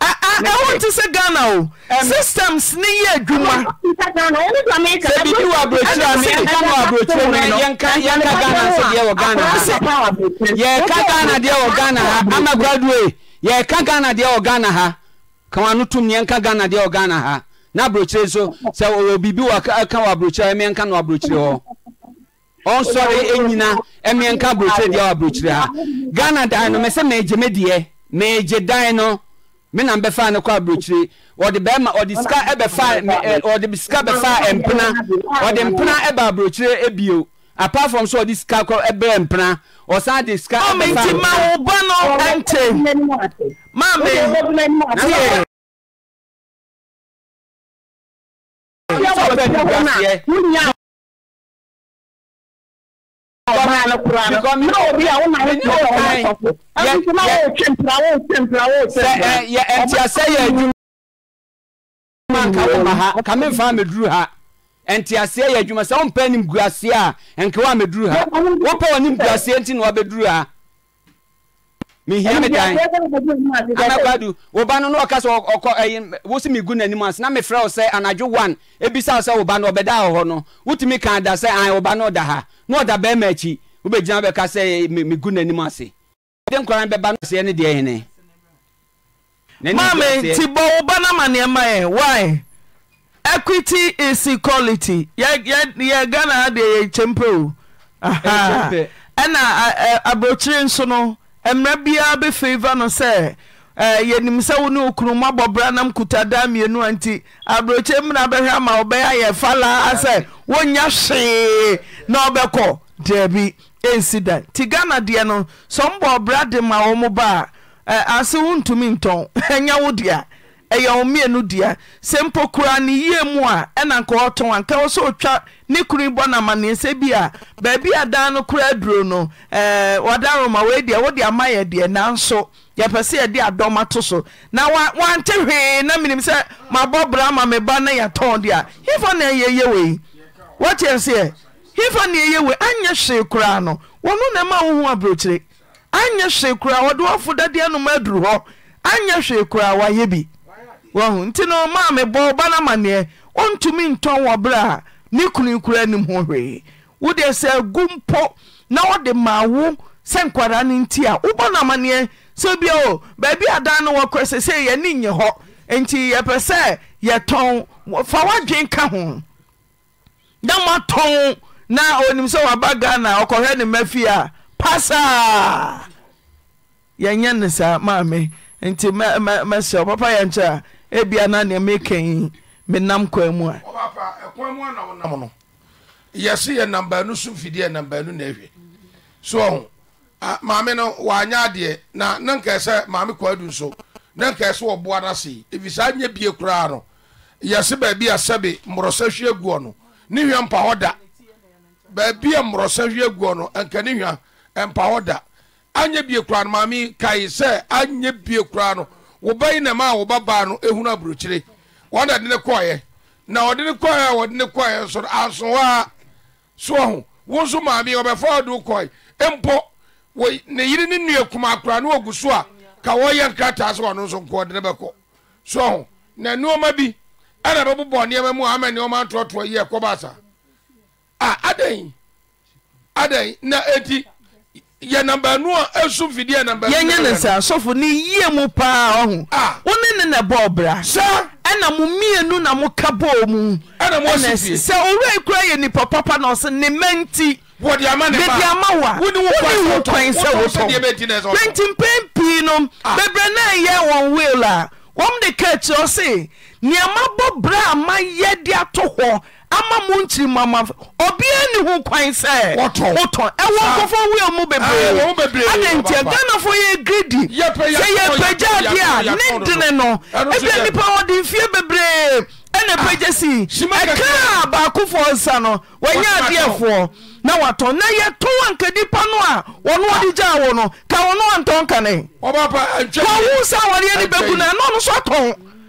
ɛho nte say ghana o systems ne yɛ adwumayɛka ghana deɛ ha ghana ghana ha ghana ghana ha na aborɔkyire so sɛ ɔwɔ biribi wɔka wɔ aborɔkyire ɛmeɛnka no aborɔkyire hɔ ɔnsɔre nyina ɛmeɛnka aborɔkyire deɛ wɔ aborɔkyire ha ghana dan no m'e me dan no mi na mbɛfa ne kɔ aburokyire ɔde bɛrima ɔde sika ɛbɛfa ɛ ɔde sika bɛfa mpena ɔde mpena ɛba aburokyire ebio apart from so ɔde sika kɔ ɛbɛrɛ mpena ɔsan de sika ɛbɛfa. ɔmɛ nti ma wo ba no ɛnte maame. sọ no kura no na obi a wona ne jo wona sofo ɛnso na wo twempra wo twempra wo twempra yɛ ɛntia sɛ eh, yɛ eh, adwuma nka wo ma ha ka me mfa meduru ha ɛntiaseɛ yɛ adwuma sɛ wompɛ animguaseɛ a ɛnkewa a meduru ha wopɛ w'animguaseɛ nti na wabɛduru ha mehia me dan anabadu wo ba no na ɔka sɛ ɔkɔ ɛyi wo sɛ megu n'anim ase na mefrɛ wo sɛ anadwo one ebisa wo sɛ wo ba no ɔbɛda hɔ no wotumi kan da sɛ an wo ba no ɔda ha na ɔda bɛrima akyi wobɛgyina bɛka sɛ megu n'anim ase ɛde nkora no bɛba no seɛ ne deɛ hene maame nti bɔ wo ba na ma nneɛma yɛ why equity is equality yɛ ghana ha deɛ yɛkyɛmpɛ o ɛna aburokyire nso no mmerɛ biara bɛfeiva no sɛ yɛnim sɛ wo ne wo kunu mu abɔbra nam kutadaa mmienu a nti aburokyire mmra bɛhwɛ ama wobɛyɛ ayɛ falaa sɛ wonnya hwee na ɔbɛkɔ daabi ɛnsi dan nti ghana deɛ no sɛ mbɔ ɔbra de ma wɔ mo ba a ase wontumi ntɔn [LAUGHS] ɛnyɛ wo dea ɛyɛ wo mmienu dea sɛ mpo koraa ne yie mu a ɛna nka ɔtɔn anka wo sɛ ɔtwa ne kunu bɔ na amanneɛsɛ bi a baabi a dan no koraa aduro no wɔda roma wei deɛ wode ama yɛ deɛ nanso yɛpɛ sɛ yɛde adɔm ato so na wante hwee na menim sɛ mabɔ bra ma meba na yɛtɔn deɛ a hifɔ na ɛyɛyɛ wei wɔkyerɛ seɛ yɛmfa neɛ yɛwe anyɛ hwee koraa no wɔno na ɛma woho aborɔkyire anyɛ hwee koraa wɔde wɔfo dadeɛ anoma aduru hɔ anyɛ hwee koraa wɔayɛ bi wɔho nti no maa mebɔ ba no amanneɛ ɔntumi ntɔn wɔ berɛ a ne kunu koraa ho hwee wode sɛ na wɔde maa wo sɛ nkwadaa no nti a wobɔ no amanneɛ sɛ bia o baabi adan no wɔkɔ sɛ sɛ yɛne nyɛ hɔ nti yɛpɛ sɛ yɛtɔn fa woadwen ka ho na na onim sɛ waba ghana ɔkɔhwɛ ne mma fie a pasaa yɛnyɛ ne saa maame nti mɛsɛ papa yɛ nkyɛ a ebia na nea meka menam kwan mu a yɛse yɛ nambaanu so mfidie nambaanu na ɛhwɛ so ɔho maame no wanyɛ adeɛ na na nkae sɛ maame kwadu nso na nkae sɛ wɔboa no ase ɛfiri saa nyɛ bie koraa no yɛse baabi a sɛbe mmorɔsɛ hwɛ guɔ no ne hwɛ mpa hɔ da baabi a mmorɔsa hwɛ guɔ no nkane hwa ɛmpa hɔ da anyɛ bie koraa no maame kae sɛ anyɛ bie koraa no wo bɛyi na ma a wo no ehunu aburokyire wɔn na de ne kɔɔyɛ na ɔde ne kɔɔyɛ a wɔde ne kɔɔyɛ nso no asowa soɔ ho wɔn nso maame ɔbɛfa ɔde kɔɔyɛ mpo wɔ ne yiri ne nua kuma koraa no ogu so a ka wɔyɛ nkrataa sɛ ɔno nso nkɔɔ de ne bɛkɔ soɔ ho na nneɛma bi ɛna bɛbobɔ nneɛma mu a ama nneɛma ntoɔtoɔ yie ɛkɔ baasa. a adɛn adɛn na eti yɛ namba nu a esu fidie yɛ namba nu. yɛnyɛ ne nsa asɔfo ne yie mu paa ɔho. a wo ne ne na bɔ ɔbra. sa ɛna mo mmienu na mo ka bɔɔ mu. ɛna mo ɔsi fie sɛ owurɛ ekura yɛ nipa papa na ɔsɛ ne mɛnti. wɔde ama ne ba bɛbi ama wa wone wo kwan sɛ wotɔ bɛnti mpɛn pii no bebree na ɛyɛ wɔn wheel a wɔn de ka akyerɛ nneɛma bɔ bra a yɛ de ato hɔ ama mo nkyiri ma ama ɔbea ne ho kwan e sɛwotɔ ɛwɔ nkɔfɔ wiamu bebree ane nti aganɔfo yɛ giredi sɛ yɛ pagya adeɛ a ne dene no abia nnipa ɔde mfie bebree ɛna ah. pɛgya e siyi ɛkaa baakofoɔ nsa no wanyɛ adeɛfoɔ na watɔn na yɛtɔn ankanipa no a wɔno wɔde gya wo no ka wɔno antɔn kane kɔhu sa wɔdeɛ ne bɛgu na na ɔnoso tɔn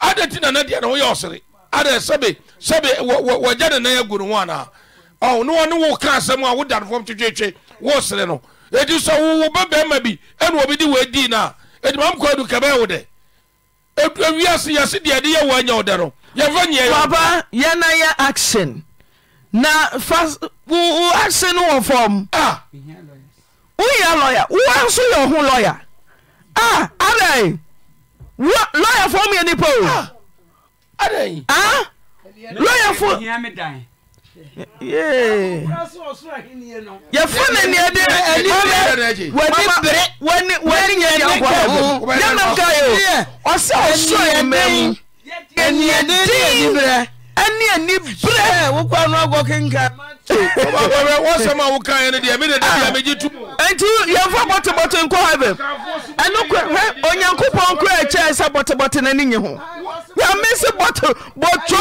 adịtụ na na deɛ ne woyɛ ɔsere adɛn sɛbe sɛbe wɔgya ne nan agu ne ho anaa ɔn ne wɔne wo ka asɛm a woda no fam twetwetwe wo sere no ɛti sɛ wowo bɛbɛma bi ɛne wɔbi de wɔadii no a ɛdimam kɔ adu kɛbɛɛ wo dɛ awiase yɛse deɛ de yɛ wɔ anya wo dɛ no nyɛ papa yɛ action na fa wo action wɔ fam woyɛ lɔya wowa nso yɛ ho lɔya a loyefomuyanipoyefone n dameaoseosummu en ɛne ani berɛ wokɔ no agɔ kenkanwɔsɛm ah. a yɛmfa bɔtebɔte nkɔ hɔ bɛ ɛno onyankopɔn kora ɛkyɛɛ sɛ bɔtebɔte no nye ho nyame se bɔte woyɛ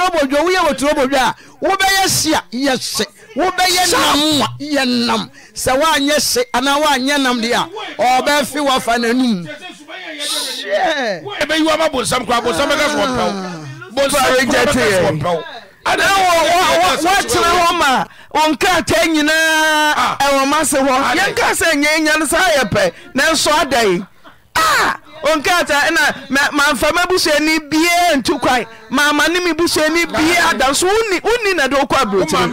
a wobɛyɛ yɛ hye wobɛyɛ yɛ nam sɛ woanyɛ hye anaa woanyɛ nam deɛ a ɔbɛfe wafa n'anom wotena ah. hɔ ah! uh, uh, ma ɔnkaa ka nyinaa ɛwɔma se hɔ yɛnka sɛ nyɛnyan sa ayɛ pɛ ne nsɔ adai ɔmamfama busuani bia ntukwa maama ne me busuani bia adam so woni na de wokɔ abrɛm m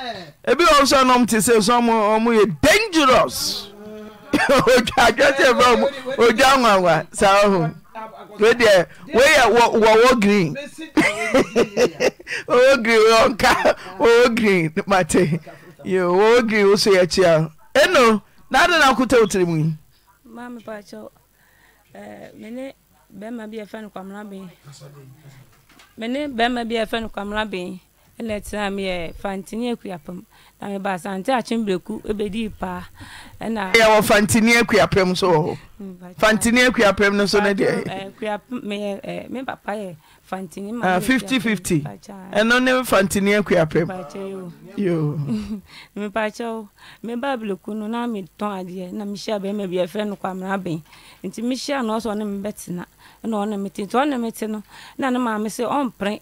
ebi wɔ nso anam te sɛ so ɔmo ɔmo yɛ dangerous odwa adwɛsɛ fɛ ɔmo odwa anwanwa saa ɔho wei deɛ wei yɛ wɔ wɔwɔ green [LAUGHS] wɔwɔ green ɔnka wɔwɔ green mate yɛ wɔwɔ green wosɔ yɛ kyia ɛno n'ade na akuta otiri mu yi. maame paakyɛw ɛɛ mene bɛrima bi yɛfɛ no kwamra bɛn mene bɛrima bi yɛfɛ no kwamra bɛn ɛna ɛtena mi yɛ fantini ekuyapam ba asante akyembreku ebedi paa ɛna. ɛyɛ wɔ fantini akuapɛm so wɔ hɔ mm, fantini akuapɛm no so ne deɛ. ɛɛ kuapɛm mɛ ɛɛ me papa yɛ fantini ma. Ah, fifty fifty ɛno ne fantini akuapɛm. mpakyɛw yoo mpakyɛw me [LAUGHS] ba abreku no na mi tɔn adeɛ na mi hyia bɛrima bi ɛfɛ no kwamina bɛn nti mi hyia na ɔsɔ ɔne mi bɛ tena ɛna ɔne mi te nti ɔne mi te no na ne maame sɛ ɔmpere.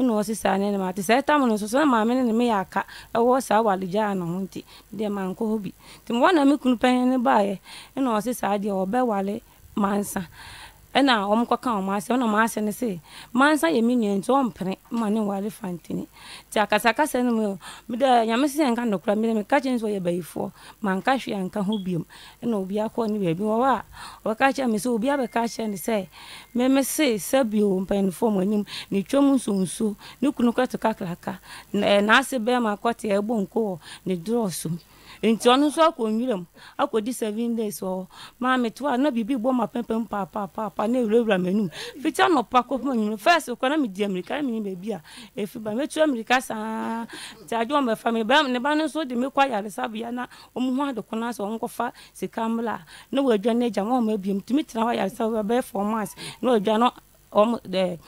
ɛna ɔsi saa ne ne ma te sɛ ɛtam no nso so na maame ne ne me yɛ aka ɛwɔ saa walegya ano ho nti deɛ mankɔ hɔ bi nti wɔn na me kunu panyin ne baeɛ ɛna ɔsi saa deɛ ɔbɛwale mansa ɛna wɔn kɔka wɔn ase ɛna wɔn ase no se mansa yɛ mi nua nti wɔn mpene ma ne wale fantini te akasakasa no mu mi dɛ nyame sisi nka nnokura mi dɛ kakyɛ nso yɛ bɛyifoɔ ma nka hwee anka ho biom ɛna obi akɔ ne baabi wɔwɔ a wɔka kyɛ mi sɛ obi abɛka kyɛ ne sɛ mɛmɛ se sɛbio mpanyinfoɔ mu anim ne twam nsonso ne kunu kɔtɔ kakraka ɛɛ eh, n'ase bɛrɛ ma akɔte ɛbɔ nko wɔ ne dorɔso mu nti ɔno nso akɔ nwuram akɔdi seven days wɔ ma maame a na biribi bɔ ma pa pa na ewurawura m'anim fiti anɔpa kɔ fún ɔnyinam fɛs kɔ na mi di amirika na mi ni baabi a efi ba metu amirika saa nti adi wɔn bɛfa mi bɛm ne ba no nso de mi kɔ ayaresabea na wɔn ho adoko na sɛ wɔn kɔfa sika mla na wɔn adwa n'agya wɔn wɔn abiem tumi tena hɔ ayaresabea bɛyɛ four months na wɔn adwa no wɔn ɛɛ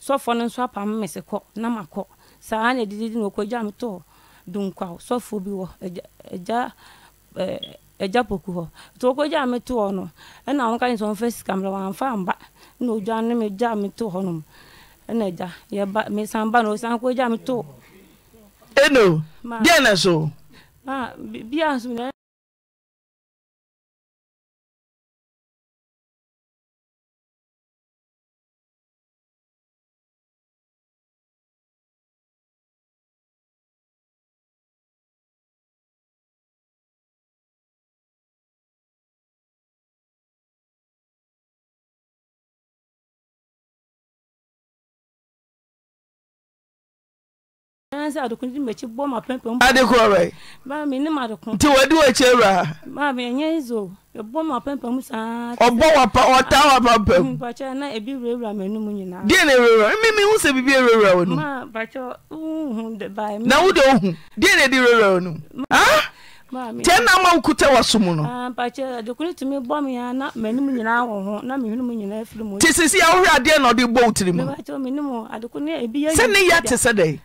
sɔfo no nso apam mi si na ma kɔ saa na edidi na okɔ gya mi tɔɔ dunkwa sɔfo bi wɔ ɛgya ɛɛ ɛgya poku hɔ nti wɔkɔgya me to hɔ no ɛna wɔn ka nyi sɛ wɔmfa sika mmerɛ wɔamfa mba na odwa ne me gya me to hɔ nom ɛna ɛgya yɛba mesan ba na osan kɔgya me to. eno deɛ na so. bia nso. ɛdektiwae ki wur aa nm u sɛ bii u wo hu n di ɛuɛnui nama woku tɛ waso mu notesɛsiorɛ ah, dena ɔde bɔ o tirmusɛne ya te sɛ dɛ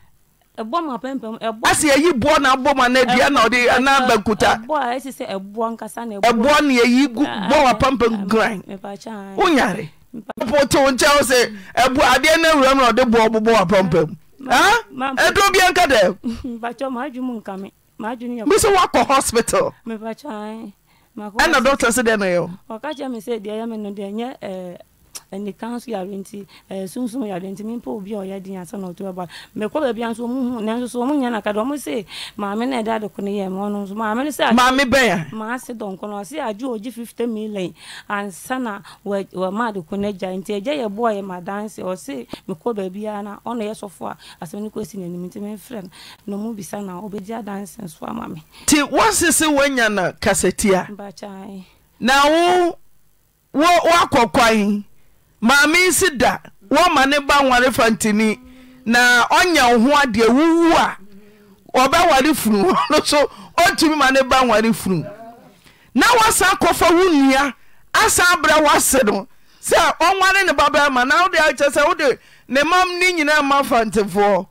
aseyayi boa na abɔ m ana adina de anaba kuta ɛboa na yayi boaa pampam gran wonyarepotewo kyɛwo sɛ aboa ade no awura mna ɔde boa bobɔa pampam ɛdo bia nka demiso woakɔ hospitalana doct sede noy nika nso yare nti ɛɛ sunsun yare nti mi mpo obi a ɔyɛ den asɛn na ɔtɔ ɛba mɛkɔ baabi a nso ɔmo hu nanso so ɔmo nya na kadɔ ɔmo se maame na ɛda adoko yɛ ɛmɔ no nso maame se. maame bɛn maa se dɔnkɔ na ɔse adwo ogye fifty million ansa na wɔ wɔ ma ne gya nti ɛgya yɛ bɔɔ yɛ ma danse ɔse mɛkɔ baabi a na ɔna yɛ sɔfo a asɛm ne si n'anim nti mɛmfrɛ no na na ɔbɛgye adanse na kasetia. na wo wo wakɔ maame nsi da wɔma ne ba nware fa na ɔnya wo ho adeɛ wowu a ɔbɛware funu [LAUGHS] hɔno so ɔntumi ma ne ba nware funu na woasan kɔfa wo nnua asan abra woase no sɛ ɔnware ne babaa ma na wode akyɛ sɛ wode ne mam ne nyinaa ma fantefoɔ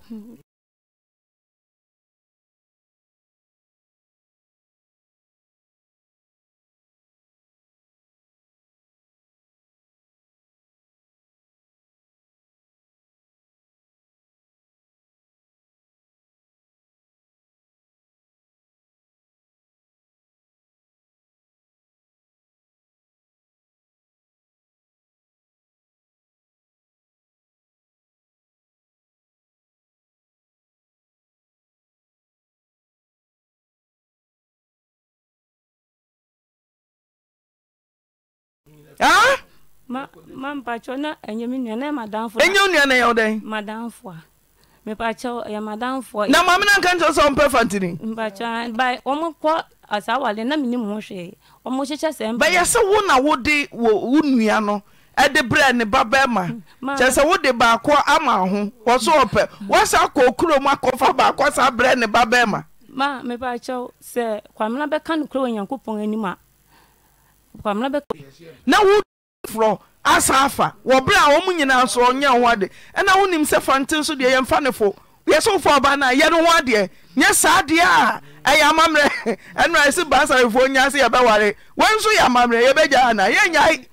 Ah? mampakyɛw na ɛnyɛ me nua na ɛyɛ madamfo ɛnyɛ wo nua na ɛyɛ wo dɛn madamfo a mepakyɛw ɛyɛ madamfo na maame na nka nkyɛ sɛ ɔmpɛ fantini mpakyɛw ba wɔn kɔ asaa wale na menim ho hwee wɔn hyehyɛ sɛ mpa bɛyɛ sɛ wo na wode wo wo nua no ɛde e brɛ ne ba bɛrima kyɛ hmm. sɛ wode baako ama ho wɔ so ɔpɛ hmm. wɔsɛ akɔ kurom akɔfa baako saa brɛ ne ba bɛrima ma mepakyɛw sɛ kwamena bɛka no kura wɔ nyankopɔn anim a na woforɔ asa afa wɔberɛ a ɔm nyinaa so ɔnyɛ ho ade ɛna wonim sɛ fanti nso deɛ yɛmfa ne fo yɛ sɛ wofo ɔba no a yɛ no ho adeɛ nyɛ saa deɛ a ɛyɛ amammerɛ [LAUGHS] ɛnera ɛsi baasarefoɔ nya sɛ yɛbɛware wɔi nso yɛ amammerɛ yɛbɛgya ana yɛnyae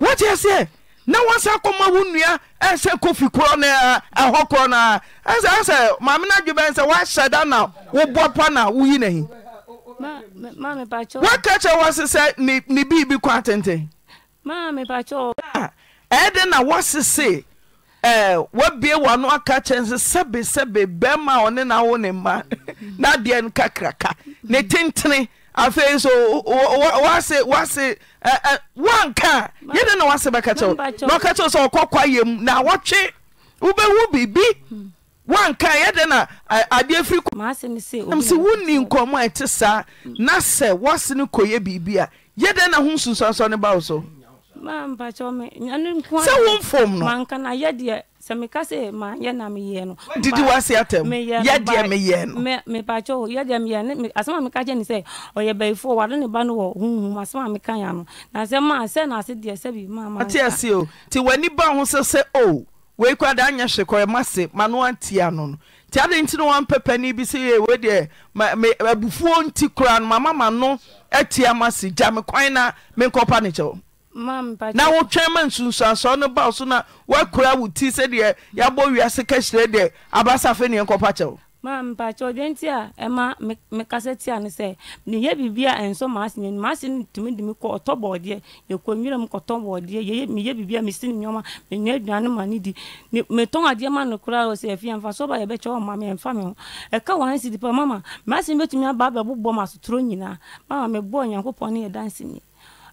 woteɛ sɛ na woasa kɔma wo nnua ɛsɛ kofi korɔ no a ɛhɔ korɔ no a ɛsɛ ɛsɛ maameno na bɛn sɛ woahyɛ da na woboa pa na na nahi woaka kyeɛr woase sɛ ne biribi kwa atenten ɛɛdɛn na wosese woabiewa ano aka kyɛr mso sɛbesɛbe bɛima a ɔne naawo ne ma mm-hmm. n'adeɛ no kakraka ne tentene afei so wse woanka a yɛdɛn na woase bɛka kyɛwo na ka kyɛ wo sɛ ɔkɔ kwa yɛm na wɔtwe wobɛwu bibi mm. woanka yɛdɛn na adeɛ firi km sɛ wonni nkɔmmɔ a ɛte saa na sɛ wɔse no kɔyɛ biribi a yɛdɛn na ho nsusuasɔne ba wo so sɛ womfom no sɛ meka sɛ mayɛ na meyɛ no didi wase atam yɛdeɛ meyɛ no mepakyɛ o yɛdeɛ meyɛ no asɛm a meka kyɛ ne sɛ ɔyɛ bayifoɔ wade ne ba no wɔ honhum asɛm a meka ya no na sɛ maa sɛ na ase deɛ sɛ bi mamaate ase o nti w'ani ba ho sɛ sɛ o oh, wei koadaa anya hye kɔma se ma no antia no no nti adɛn nti ne wampɛpani bi sɛ yɛwei deɛ abufuo nti koraa no mamama no atia ma se gya me kwan na menkɔpa no kyɛ wɔ na wotwɛn ma nsunsuansɔɔ no bao so na woakora wo ti sɛdeɛ yɛabɔ wiase ka hyirɛ deɛ abasa afei neɛnkɔpa kyɛ wo ma mpatwa obi nti a ɛma mekasa tia ne sɛ neyɛ biribi a ɛnso maase nyɛ maase no tumi de me kɔ ɔtɔ bɔɔdeɛ yɛkɔ nwira mu kɔtɔ bɔɔdeɛ meyɛ biribi a mesi ne nneɔma menya aduane ma ne di metɔn adeɛ ma no koraa wɔ sɛ afia mfa so ba yɛbɛkyɛ wɔ ma meɛmfa me ho ɛka wɔn si dipa mama maase no bɛtumi aba abɛbobɔ ma asotoro nyinaa mama mebɔɔ onyankopɔn ne yɛdanseni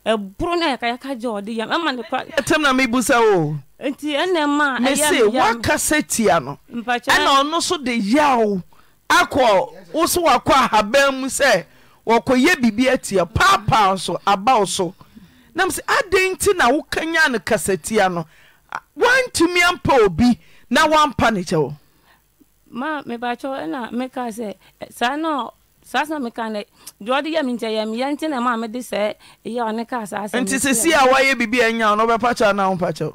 ɛboro no ayɛkayɛkagye ɔde yam ɛma neɛtam na mebusa wo oh. nti ɛnɛ maa mese woakasa tia no ɛna ɔno so de yaw akɔ wo so wakɔ ahaban mu sɛ wɔkɔyɛ biribi atia paapaa so abaw so nam sɛ adɛn nti na wokanyaa no kasatia no woantumi ampa obi na woampa ne kyɛ wo ma mebakyɛw ɛna meka sɛ saa na sasa meka ne deɛ ọ yɛ me nkyɛ yɛ meyɛ ya na ma mede sɛ ɛyɛ ɔne ka saa sɛ nti sɛsi a woayɛ biribi a nya no wobɛpa kyɛw na wompa kyɛw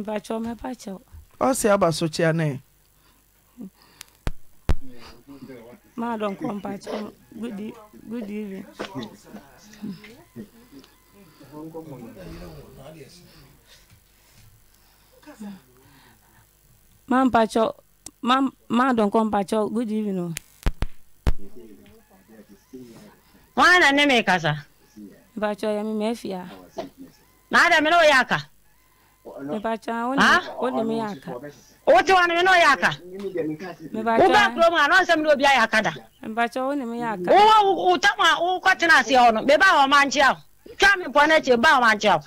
mpa ọ mɛpa kyɛw ɔse aba so kyea ne maadɔnkɔ mpa kyɛw e-, good evening mampa kyɛw maadɔnkɔ mpa kyɛw good evening mwana ne me kasa mpacho ya mimi efia nada mino yaka mbacho oni oni me yaka wote wana mino yaka uba kuro mwana onse mino bia yaka da mpacho oni me uwa utama ukwatena si ono beba wa manchi yao twa me mpona che ba wa manchi yao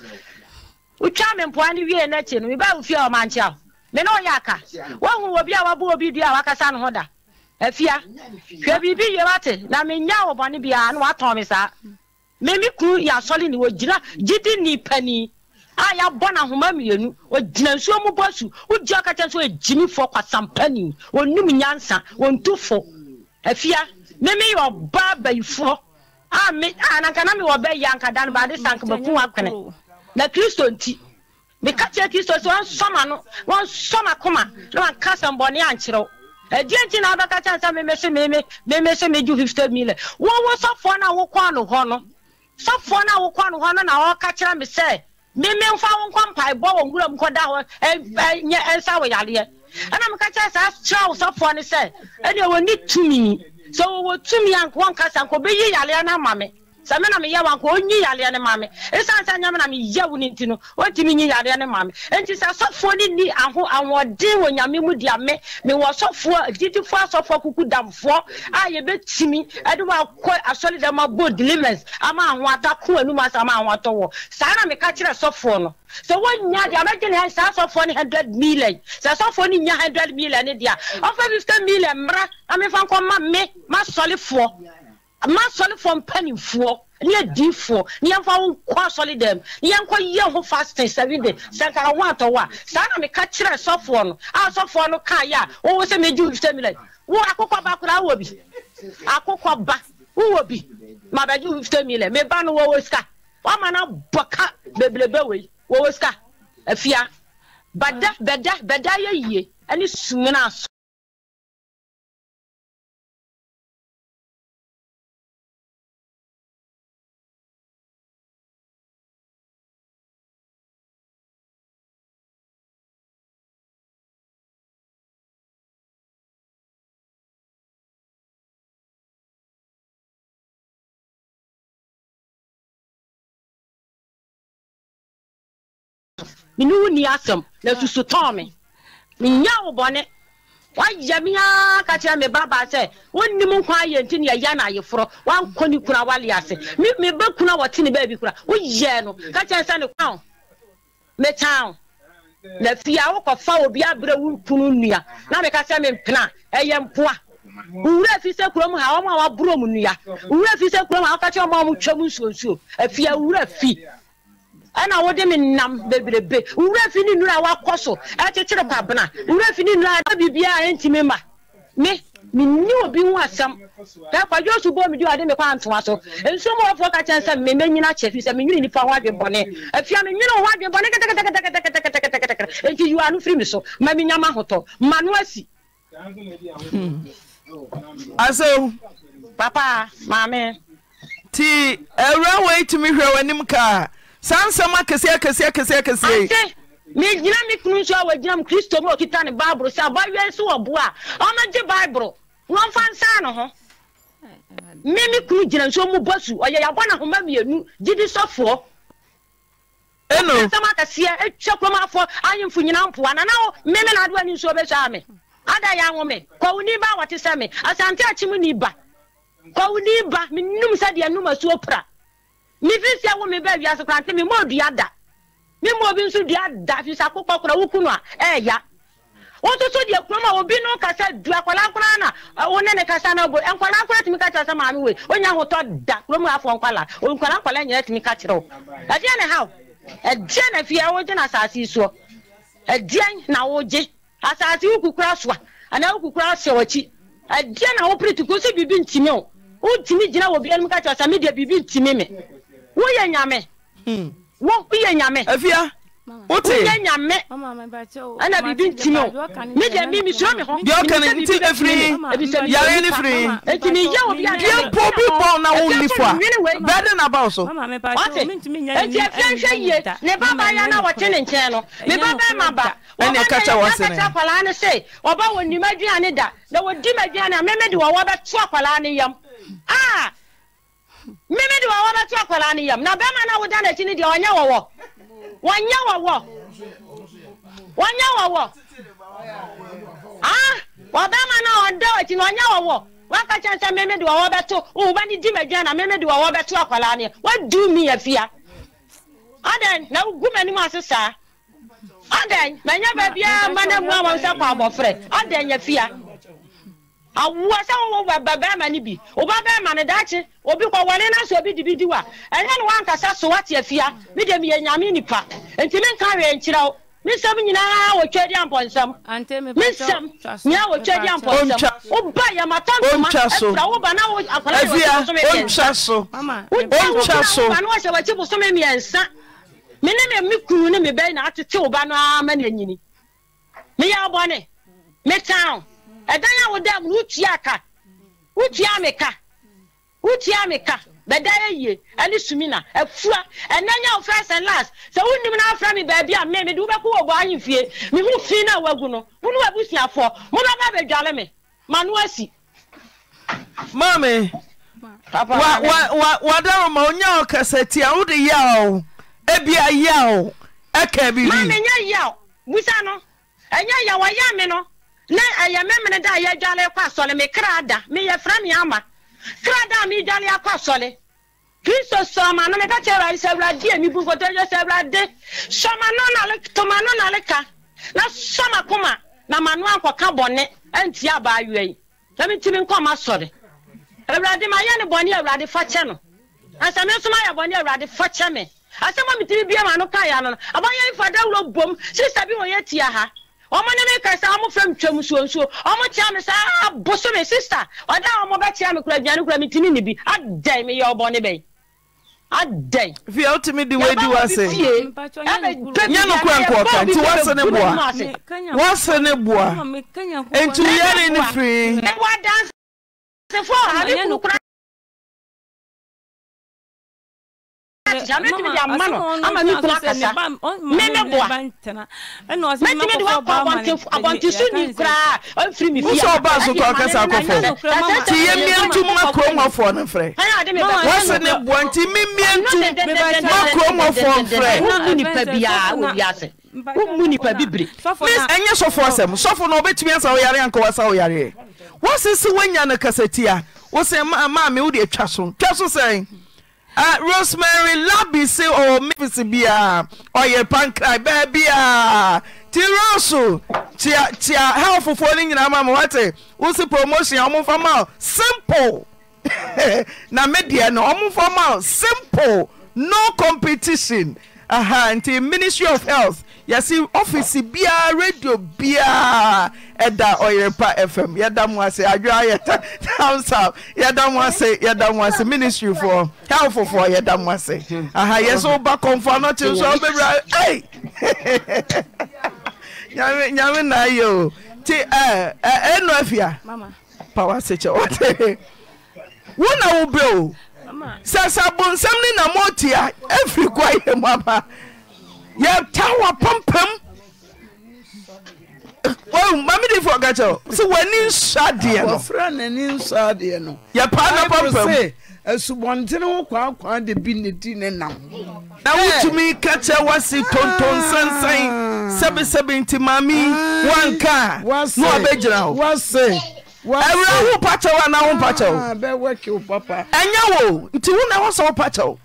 utwa me wye neche wie na ufia wa manchi yao mino yaka wangu wabia wabu wabo ya wakasano hoda afia hwɛ biribi yɛ wate na menya wɔ bɔne biara na watɔn me saa memi kunu yɛ asɔre ne wɔgyina gyidi ne pani a yɛabɔ no ahoma mmienu ɔgyina nsuo mu bɔ su wogya ka kyɛ sɛ ɔgyimifoɔ kwasampani ɔnum nyansa ɔntufo afia memi yɛ ɔba abayifoɔ a me a nanka na mewɔ bɛyi anka da no baade sanka maku akene na kristo nti meka kyerɛ kristo sɛ wɔnsɔma no wɔnsɔma koma na wanka sɛmbɔne ankyerɛw agenti na adaka chansa memese meme memese meju fifty million wo wo sɔfoɔ no a wokɔ ano hɔ no sɔfoɔ no a wokɔ na ọ kyerɛ me sɛ meme mfa wo nkɔ mpaebɔ wɔ nwura mu kɔda hɔ nyɛ ɛnsa wɔ yareɛ ɛna meka kyerɛ saa kyerɛ wo sɔfoɔ no sɛ ɛdeɛ wɔni tumi sɛ wɔwɔ tumi a yareɛ no ama me sɛ me na meyɛ wo anka ɔnyi yareɛ ne ma me ɛsiane sɛ nyame na meyɛ wo no nti no ɔntumi nyi yareɛ ne ma me enti sɛ sɔfoɔ no ni aho ahoɔden wɔ nyame mu dea me mewɔ sɔfoɔ agyidifoɔ asɔfoɔ kukudamfoɔ a yɛbɛtumi ɛde wo akɔ asɔre dɛm abɔ deliverance ama aho ata ko anum ama aho atɔ wɔ saa na meka kyerɛ sɔfoɔ no sɛ wonya deɛ mɛgye ne saa sɔfoɔ ne hundred million sɛ sɔfoɔ no nya hundred million ne deɛ ɔmfa fifty million mmra na memfa nkɔma me masɔlefoɔ masɔlefoɔ mpanimfoɔ ne adiifoɔ ne yɛmfa wo nkɔ asɔle dɛm ne yɛnkɔ yɛ ho fasting seven day sɛ nkara ho atɔ wo a saa na meka kyerɛ sɔfoɔ no a sɔfoɔ no kaeɛ o wowo sɛ megye wo fifta million wo akokɔ ba koraa wɔ bi akokɔ ba wowɔ bi mabɛgye wo fifta million meba no wɔwɔ sika wama no bɔ ka bebrebe wei wɔwɔ sika afia bɛda bɛda bɛda yɛ yie ɛne sumina aso mene ni asɛm na susu tɔn me menya wo bɔne wayɛ me aa ka kyerɛ me babaa sɛ wonnim nkwa ayɛ nti ne yɛyɛ no ayeforɔ woankɔ ne kuna wale ase meba kuna wɔte ne baabi kora woyɛɛ no ka kyerɛ sɛ ne kwa wo metaa wo na fie a wokɔfa obi abrɛ wo kunu nnua na meka sɛ mempena ɛyɛ mpoa wura fi sɛ kurom ha wɔn a wɔaborɔ mu nnua wura fi sɛ kurom ha wɔka kyerɛ wɔn a wɔtwa mu nsuonsuo afie wura fi ɛna wode me nam bebrebe nwura fi nnura a wakɔ so ɛkyekyere pabena nwura fi nnura a biribiaa ɛntimi ma me menni obi ho asɛm ɛkwadwo so bɔ medi ade mekɔ antoa so nsuo ka kyɛn sɛ memɛnyina kyɛ firi sɛ menwene nnipa ho afia menwene ho saa nsɛm akɛseɛ akɛseɛ akɛseɛ akɛseɛ yi. megyina mi kunu nso a wagyinam kristo mu a ɔkita ne bible sɛ abayewa nso wɔ boa a ɔmɛgye bible na ɔmfa nsaa ne ho me me kunu gyina nsuo mu bɔ su ɔyɛ yɛabɔ ne homa mmienu gyidi sɔfoɔ ɛno asɛm akɛseɛ atwa kuromafoɔ ayemfo nyina mpoa na na wo me me na adoa ne nsuo bɛsɔ a ame ada ya anwo me kɔwoni ba a wɔte sɛ me asante akyi mu ni ba kɔwoni ba menum sɛdeɛ num asuo pra mefiri sia wo me baa wiase kora mi mema odua da mema obi nso dua da firi sɛ akokɔ kora woku no a ɛɛya e, woto so deɛ kurom a obi no kasa du akwala nkora na e, wo ne ne kasa na obo e, nkwala nkora tumi ka kyerɛ sɛ maame wei wonya ahotɔ da kurom afo nkwala nkwala nkwala nyina tumi ka kyerɛ wo ɛdeɛ ne haw ɛdeɛ na fie wogye na asase yi soɔ ɛdeɛ na wogye asase wo kukura soa anaa wo kukura hyɛ w'akyi na wopere tuku sɛ biribi ntimi o wontimi gyina wɔ obi anim ka kyerɛ sɛ medeɛ biribi ntimi me woyɛ nyame hmm. woyɛ nyame afia wote woyɛ nyame ɛna biribi ntimi o ne deɛ mi mesuro me hɔ deɛ ɔka ne nti ɛfiri yare ne firi enti meyɛ obi adeɛ mpo bi bɔ na wo nni fo a bɛde na baw so ɔte enti afia nhwɛ yie ne baba ya na wɔte ne nkyɛn no me baba ma ba ɛne ɛka kyɛ wɔ sene ɛka akwalaa no se ɔba wɔ nnima aduane da na wɔdi ma aduane a meme de wɔwɔ bɛto akwalaa no yam a ah! mmemme de wɔwɔ bɛto akwaraa no yam na bɛrima no a woda n'akyi no deɛ wɔnyɛ wɔwɔ wɔnyɛ wɔwɔ wɔnyɛ ah wɔbɛrima no a ɔda akyi no ɔnyɛ waka kyɛn sɛ mmemme de wɔwɔ bɛto woba ne di madwa na mmemme de wɔwɔ bɛto akwaraa no yam wadu mi afia ɔdɛn na wogu m'anim ase saa ɔdɛn manyɛ baabiaa ma no mu a wɔm sɛ kɔ abɔfrɛ ɔdɛn fear. awoɔ sɛ wowɔ wɔ babarima no bi woba bɛrima no daakye obi kɔwɔne no so obi de bi di wa ɛnyɛ ne wankasa soa te afia mede meyɛ nyame nipa enti menka wɛ nkyerɛ wo mesɛm nyinaa wɔtwa di ampɔnsɛm mesɛm nyinaa wɔtwa di ampɔnsɛm woba yɛmata ntoma ɛfra woba na akwara yɛ wɔkyi bosome so wotwa so woba na wɔhyɛ wɔkyi bosome mmiɛnsa me ne me me kunu ne me bɛn na atete wo ba no ama na anyini meyɛ abɔne me town ɛdan a woda mu no wotua ka wotua me ka wotua me ka bɛda yɛ yie ne sumi na afura ɛnɛ nya wo first and last sɛ wonim no afra me baabi a me mede wobɛkɔ wɔ bɔ aye fie mehu fii no a woagu no wo ne wabusuafoɔ mobɛba bɛdwale me ma no asi maame wadaro ma onya ɔkasa tia wode yaw ebia yaw ɛka bi bi maame nya yaw busa no ɛnya yaw ɔyɛ me no na ɛyɛ eh, memene da a yɛdwale kɔ asɔle me kra da meyɛ fra me ama kra da a medwale akɔ asɔle kristo sɔma no kyerɛ sɛ awurade a sɛ awurade sɔma no nale na sɔma na ma no ankɔka bɔne antia eh, abaayewa yi na mentimi nkɔma sɔre eh, awurade mayɛ ne bɔne awurade fa kyɛ no me nso bɔne awurade fa kyɛ me asɛm a metimi bia ma no kaeɛ no no ɔmo ne mi kasa ɔmo fɛ mi twɛ mu nsuonsuo ɔmo tia mi saa boso mi sista ɔda ɔmo bɛ tia mi kura aduane kura mi ti mi ni bi mi yɛ ɔbɔ ne bɛyi adɛn. fi aw ti mi di wedi wase nye no kura nkɔɔka nti wase ne bua wase ne bua ntu yɛre ne firi. ne wa akyekyere ano tumi di ama no ama ne kura kasa me me boa mɛti mi di hɔ kɔ abɔntenfu abɔntenfu ni koraa ɔnfiri mi fia wosɔ ɔbaa so kɔ ɔkasa akɔfo ti yɛ mmea ntu mu akuromɔfoɔ no frɛ wɔsi ne boɔ nti mi mmea ntu mu akuromɔfoɔ frɛ wɔmu nipa biara wɔ wiase wɔmu nipa bibire ɛnyɛ sɔfo asɛm sɔfo na ɔbɛtumi asa ɔyare anka wasa ɔyare wɔsi si wɔnya no kasatia wɔsi maame wo de atwa so twa so sɛn. Uh, rosemary or omefisi biara or pankrai bɛɛ biara ah. ti rose tia health foɔ no nyinaa ma ma what's the promotion a ɔmomfa ma simple [LAUGHS] na media no ɔmomfa ma simple no competition aha the ministry of health yɛse ofice biaa radio biaa ɛda yerepa fm yɛda mo as aɛ yɛm asɛm as ministryfoɔ fofoɔ yɛm as yɛswoba kɔnfuanmsa wobra [LAUGHS] nyamnayɛ tinu afapwɛ eh, wona eh, wo eh, berɛo sɛsabonsɛm no namɔtia fri ga yɛm aba yɛta wapampam mamedefo ɔkakyɛw sɛ w'ani nsua deɛ nofrɛ n'ani nsua deɛ no yɛpaa na pampam asubɔntene ho kwaakwan de bi ne di ne nam na wotumi ka kyerɛ wase ah. tonton sansan sɛbesɛbe nti maame wanka a na wabɛgyina hɔ awura ho pakyɛw anaa ho pakyɛw ah, ɛnyɛ wo nti wo na ɛhɔ sɛ wo pakyɛw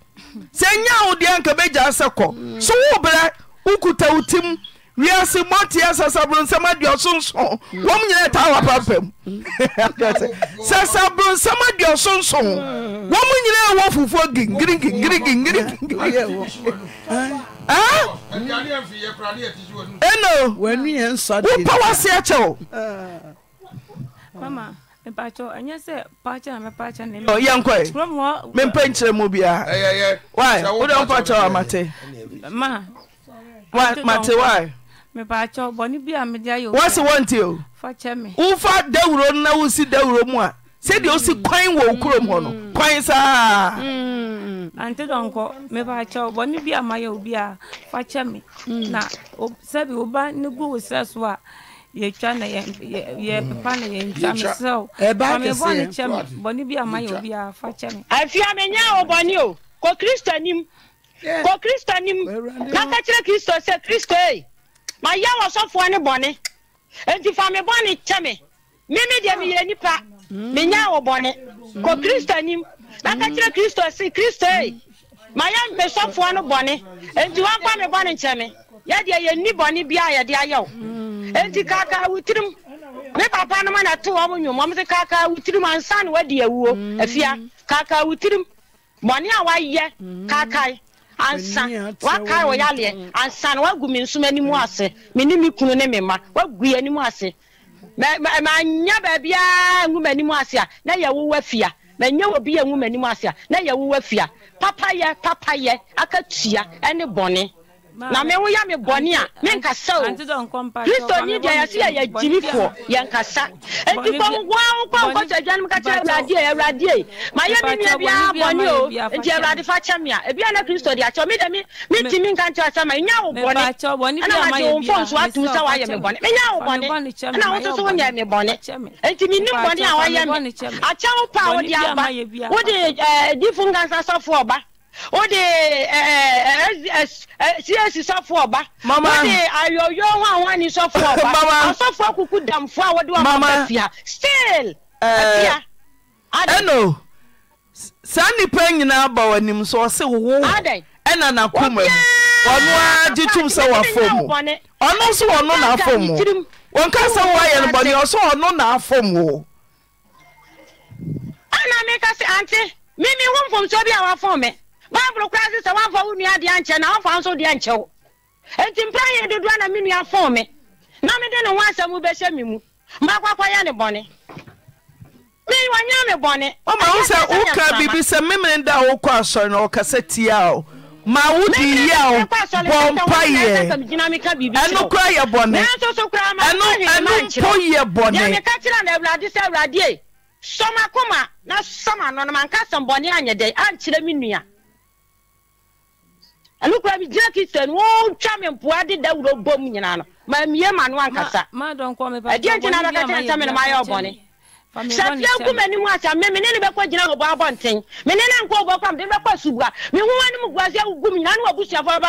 sɛ ɛnya wo deɛ anka bɛgya sɛ kɔ so wo berɛ wokuta wo tim wiase mɔteɛ sasaboronsɛm aduɔsonson wɔm nyina ɛtaa wapapam [LAUGHS] sasaboronsɛm aduɔsonson wɔm nyinaa wɔ fufuo gingirigingirigingirigiɛno wopa wase akyɛw yɛnkɔ mempɛ nkyerɛ mu biaa wode mpakyɛ wa mate mate wa wose wɔnte o wofa dawuro no na wosi dawuro mu a sɛdeɛ wosi kwan wɔ kurom hɔ no kwan saa ante dɔnkɔ mepakyɛw bɔne bi a mayɛ ah? obi mm. mm. a ah. fakyɛ me mm. na sɛbi woba ne gu wo serɛ so a yɛtwa mm. eh, na yɛpepa na yɛntwa me sɛw mamebɔ ne kyɛ me bɔne bi ama yɛ obiaa fa kyɛ me afia menya wo o kɔ kristo anim kɔ kristo nim na ka kristo sɛ kristo e mayɛ wɔ sɔfoɔ ne bɔne enti fa me bɔne kyɛ me meme deɛ meyɛ nipa menya wo bɔne kɔ kristo anim na ka kristo se kristo ei mayɛ mesɔfoɔ no bɔne enti wankɔ me bɔne nkyɛ yɛdeɛ yɛnni bɔne bia yɛde ayɛ wo mm. enti kaka wotirim me papa no ma na te wɔ mo nwom ɔm se kaka wotirim ansa ne wadi awuo mm. afia kaka wotirim bɔne a wayɛ mm. kakae ansa wakae wɔ ansa no wagu me nsom anim ase me ne me kunu ne me mma wagu yɛ anim ase manya baabiaa ngu m'anim ase a na yɛwo wafia manya obi a ngu m'anim ase a na yɛwo wafia papayɛ papayɛ akatua ne bɔne na mewo ya me bɔne a menkasa o kristo ni deɛ yɛse yɛ yɛgyinifoɔ yɛnkasa enti kɔ nkoa nkɔ nkɔsɛ adwanom ka kyerɛ awurade a awurade e mayɛ me nua biaa bɔne o nti awurade fa kyɛ me a ebia na kristo de mi medɛ mi nka nkyɛ sɛ ma ɛnya wo bɔne ɛna magye wo mfɔ nso atom sɛ woayɛ me bɔne menya wo bɔne ɛna wo nso so wonyɛ me bɔne enti menni bɔne a woayɛ me akyɛ wo pa a wode aba wode difo eh, nkansa sɔfoɔ ɔba o de csc sọfọ ọba o de ayọyọ wọn àwọn ẹni sọfọ ọba asọfọ akuku damfo a wọde wọn bá fìyà still ẹfìyà. ẹnu saa nnipa nyinaa bá wọn anim so ọsẹ wowo ẹna n'akoma mu wọn agye tum sẹ wà fọm ọno nso ọno n'afọm wọn kasa wọn ayẹ no bọni ọsọ ọno n'afọm o. ana mi kasi ante mímí wọn fọm sọ bí àwọn afọ mi. baịbụl koraa sɛ woamfa wo nua deɛ nkyɛ na woamfa nso deɛ nkyɛ wo enti mpra yɛ na me nua fon me na mede ne ho asɛm bɛhyɛ me mu mbakɔakɔyɛ ne bɔne ma wo sɛ woka biribi sɛ memene da wokɔ asɔre ɔkasa tia o ma wode yi a ɛno kora yɛ mpo yɛ bɔne sɔmakoma na sɔma bɔne anyɛ ankyerɛ me nua ɛno kora megyina kitchen wɔtwa me mpoa de da wuro bɔ me no mayɛ ɔbɔne safia ku m'ani ho asa me mene ne me ho anom gua sɛ a wɔbɔ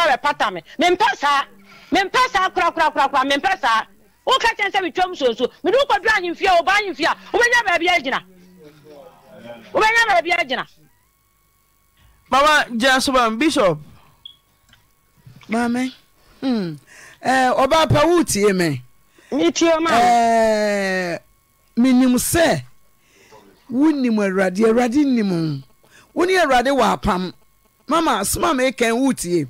ahemfie a wobɛnya baabi agyina wobɛnya mama gyina bishop maame ɔbaa hmm. eh, pa woretie me menim eh, sɛ wonim awurade awurade nnim wo awurade wɔ apam mama soma meekɛn woretie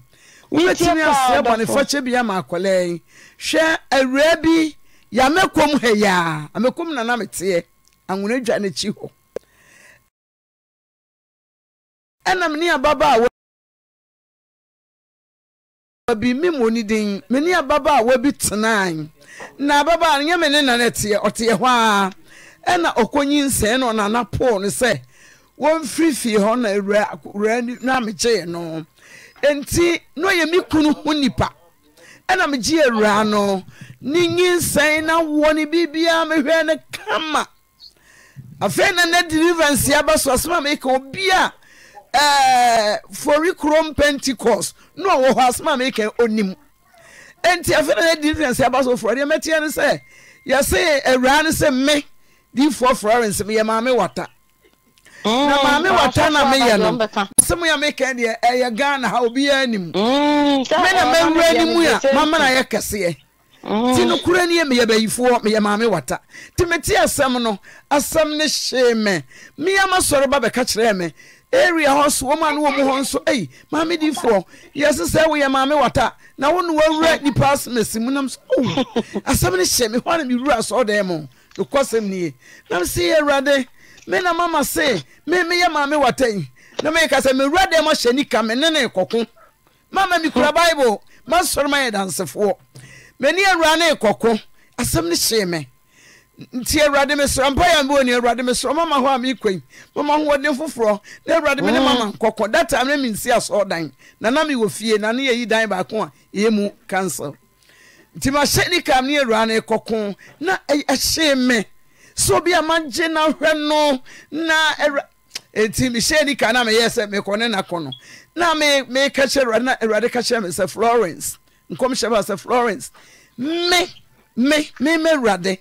wobɛtumi aseɛ bɔnefakyɛ bi ama akɔlɛɛ hwɛ awura bi yɛamɛkom ha yaa nana meteɛ anwona dwa n'akyi hɔ bi mi mu ni din e e mi ni bi tenan na ababaawa nyɛ mi ne nana teɛ ɔteɛ hɔ a ɛna ɔkɔnyi nsɛn na ɔnana pool no sɛ wɔn firifiri hɔ na ewura ewura na no na ɔyɛ mi kunu ho nipa ɛna e mi gye ewura no ne nyi nsɛn na wɔ ne biribiara mi hwɛ ne kama na deliverance yaba so asoma mi ka Eh, fore krom pentecost nwhɔ asmn ntifɛdisɛ ɛmɛtɛne sɛ yse wa sɛ me mena mawr n mua mamnaɛɛsɛmesɛm no yee mm, me meama mm. sɔre ba bɛka kyerɛ me area hɔ so wɔn a no wɔ mu hɔ nso ɛyi maame di foɔ yɛsi sɛ woyɛ maame wata na wɔn no wɔwura nipa asenasi mu nam so ɔwɔ oh, asɛm no hyɛ mi hɔ ana mi wura asɔ dɛm o ekɔ sɛm nie nam si yɛ awurade mi na mama se mi mi yɛ maame wata yi na mi kasa mi wura dɛm ahyɛ nika mi ne ne kɔko mama mi kura bible ma sɔrɔ ma yɛ dansefoɔ mɛ ni awura ne kɔko asɛm no hyɛ mi. nti awurade me sro mpamni awurade me sr mama ho meki mamahoden foforɔ na awrade mne mama nkɔk ammesisɛeme sobiamagyena hɛ no asɛ lrene koɛ ren mmade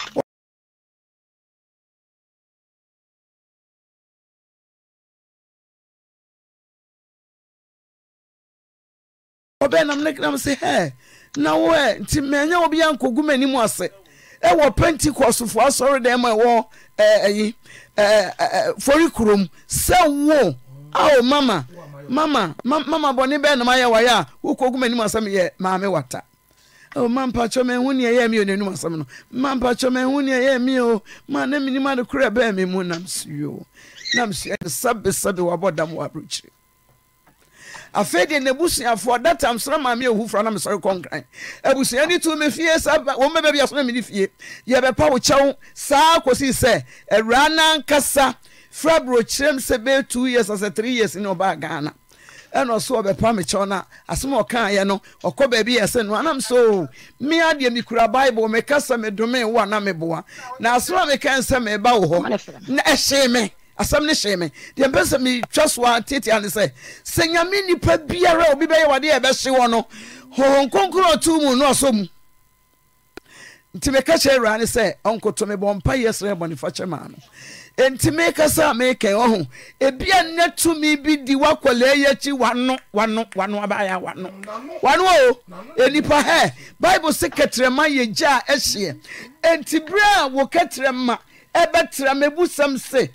ɔbɛn nam ne nam sɛ hɛ na e wo ɛ nti mɛnyɛ obi a nkogu mɛ anim ase ɛwɔ pentikɔsofo asɔre dɛm ma ɛwɔ ɛɛ ɛyi ɛɛ ɛɛ fori kurom sɛ wo awo mama mama mama bɔnni bɛɛ nam ayɛ wayɛ a wo kogu mɛ anim asɛm yɛ maame wata e o ma mpatsɔ mɛ hu ni ɛyɛ mi o na enum asɛm no ma mpatsɔ mɛ hu ni ɛyɛ mi o ma ne mi ni ma de kura bɛɛ mi mu nam si o nam si ɛdi e, sabi sabi wabɔ dam wabirikyiri afei deɛ n'abusuafoɔ data nsra maame ehu fura na mesɔre kɔnkran abusua ni tu mi fie saa wɔn bɛbɛ bi asɔrɔ mi ni fie yɛbɛpa wo kyɛw saa kɔsi sɛ ɛwura nankasa fura burokyerɛm sɛ bɛyɛ two years asɛ three years ni ɔbaa ghana ɛna ɔso ɔbɛpa mi kyɛw na asɛm ɔkan yɛ no ɔkɔ baabi yɛ sɛ no anam so mi adeɛ mi kura bible mi kasa mi dome wo anam mi boa na asɛm a mi kan sɛ mi ba wɔ hɔ na ɛhyɛn mi asɛm no hyee me deɛ mpɛ sɛ metwa so a tetea ne sɛ sɛ nyame nipa biara obi bɛyɛ wadeɛ ɛbɛhye wɔ no honhom kronkron a mu no ɔsɔ mu nti meka kyerɛ awura ne sɛ ɔnkoto me bɔ mpa yɛ srɛ bɔnefakyɛ maa no enti mekasa a mekɛn ɔho ebia nnɛ tumi bi di wakɔlaa yɛ akyi wano wano wano abaayɛ wano wano o enipa hɛ bible sɛ kɛtɛrɛma yɛ gya a ɛhyeɛ enti bere a wɔ kɛtɛrɛma ɛbɛtɛrɛma ebusɛm se.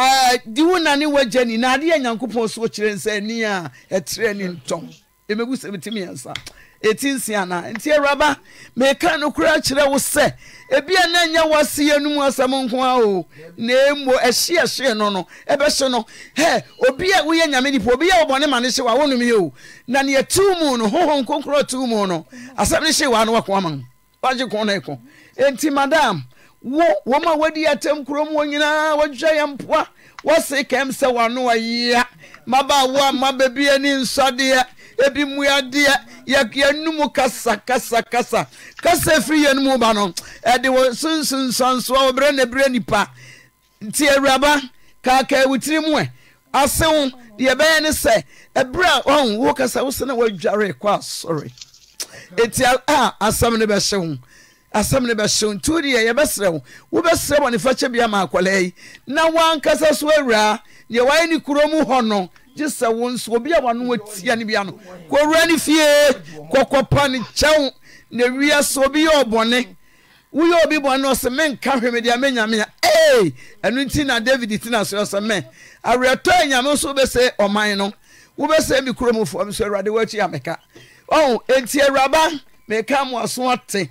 Ah, di wo nane wagya ni na adeɛ nyankopɔn so kyerɛ nsa ani a ɛtrɛ ne ntɔm ɛmɛgu sɛ metumi yɛnsa ɛti nsia na nti awuraba meka no kora kyerɛ wo sɛ ebia na nyɛ waseɛ no mu asɛm nko a o na emu ɛhye ɛhye no no ɛbɛhye no hɛ obi a woyɛ nyame nipa obi a wɔbɔne ma ne hye wa wonom yɛ o na nea tuu mu no honhom nkonkoro tuu mu no asɛm ne hye wa no wakoma ma wagye ko no ɛko enti madam wo wɔn a wɔdi atam kurom wɔn nyinaa wɔhwɛ yɛn mpoa wɔsi kɛm sɛ wɔn ayia mmabaawa mmabaabi ani nsɔdeɛ ebi mmuadeɛ yɛnum kasa kasa kasa kasa efiri yɛn mu ba no ɛde wɔn sunsun nsonsoa wɔbrɛ na ebrɛ nipa nti awuraba kaaka ewutiri mu ɛ asew deɛ ɛbɛyɛ ne sɛ ɛbrɛ a ɔn wɔ kasa wosɛ na wɔadware kɔ asɔre eti a asɛm ne bɛhyɛ ho asɛm no bɛhyew nti wodeɛ yɛbɛserɛ wo wobɛserɛ wɔ ne fakyɛ bia ma akwadaa yi na woankasa so awuraa deɛ wayɛ ne kuro mu hɔ no gye sɛ wo nso obi a wano watia no bia no kɔwura ne fie kɔkɔpa ne kyɛw na wia sɛ obi yɛ ɔbɔne woyɛ obi bɔne no ɔsɛ menka hweme deɛ menyame ee ɛno nti na david ti na sɛ ɔsɛ mɛ awerɛtɔ a nyame nso wobɛsɛ ɔman no wobɛsɛ me kuro mufoɔ m so awurade woakyi ameka ɔho enti awuraba meka mmoaso ate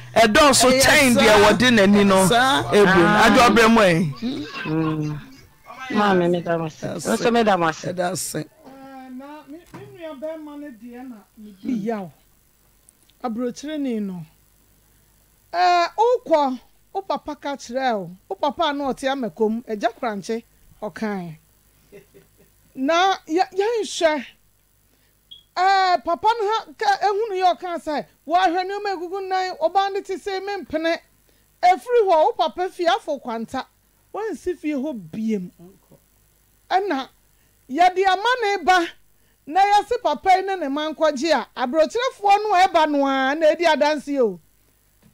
ɛdɔɔso kyɛn deɛ wɔde n'ani no ɛbu no adwo ɔbrɛ ah. mu ɛ bɛrima no deɛ na medi yaw aburokyerɛni no ɛɛ wokɔ wo papa ka kyerɛ o wo papa a ɔte amakom agya krankye ɔkae na yɛnhwɛ Eh, papa no ha ka ehunu yɛ ɔka sɛ wɔahwɛ nneɛma egugu nan ɔbaa no te sɛ me mpene efiri hɔ wo papa fie afɔ kwanta wɔnsi fie hɔ biem ɛna yɛde ama ne ba na yɛsi papa yi ne ne ma nkɔgye a aburokyerɛfoɔ no a ɛba noa na edi adansi o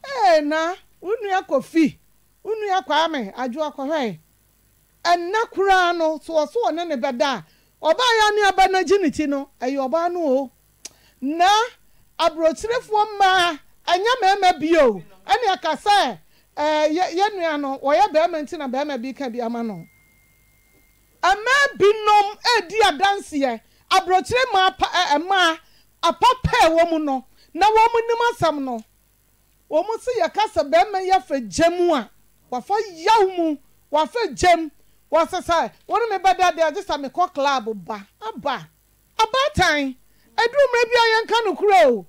ee eh, na wunua kɔ fi wunua kɔ ame adwo akɔhwɛ ɛnna koraa no soɔsoɔ ne ne bɛda a. ɔbaa ya n'i aba no agye no ɛyɛ ɔbaa no o na aburokyerefoɔ mmaa ɛnyɛ mmarima bio ɛne akasa ɛɛ yɛ yɛ nua no wɔyɛ barima nti na barima bi ka bi ama no mmaa binom edi adanseɛ aburokyere mmaa pa ɛɛ mmaa apapa ɛwɔ mu no na wɔn nim asɛm no wɔn si yɛ kasa barima yɛ fɛ gyɛm a wafɔ yaw mu wafa gyɛm. wọ́n sẹ́ sẹ́ wọ́n mi bá dáadé ẹ̀ sísá mi kọ́ kílàbù bá abá abátan ẹ̀dúró mìíràn bí ayé o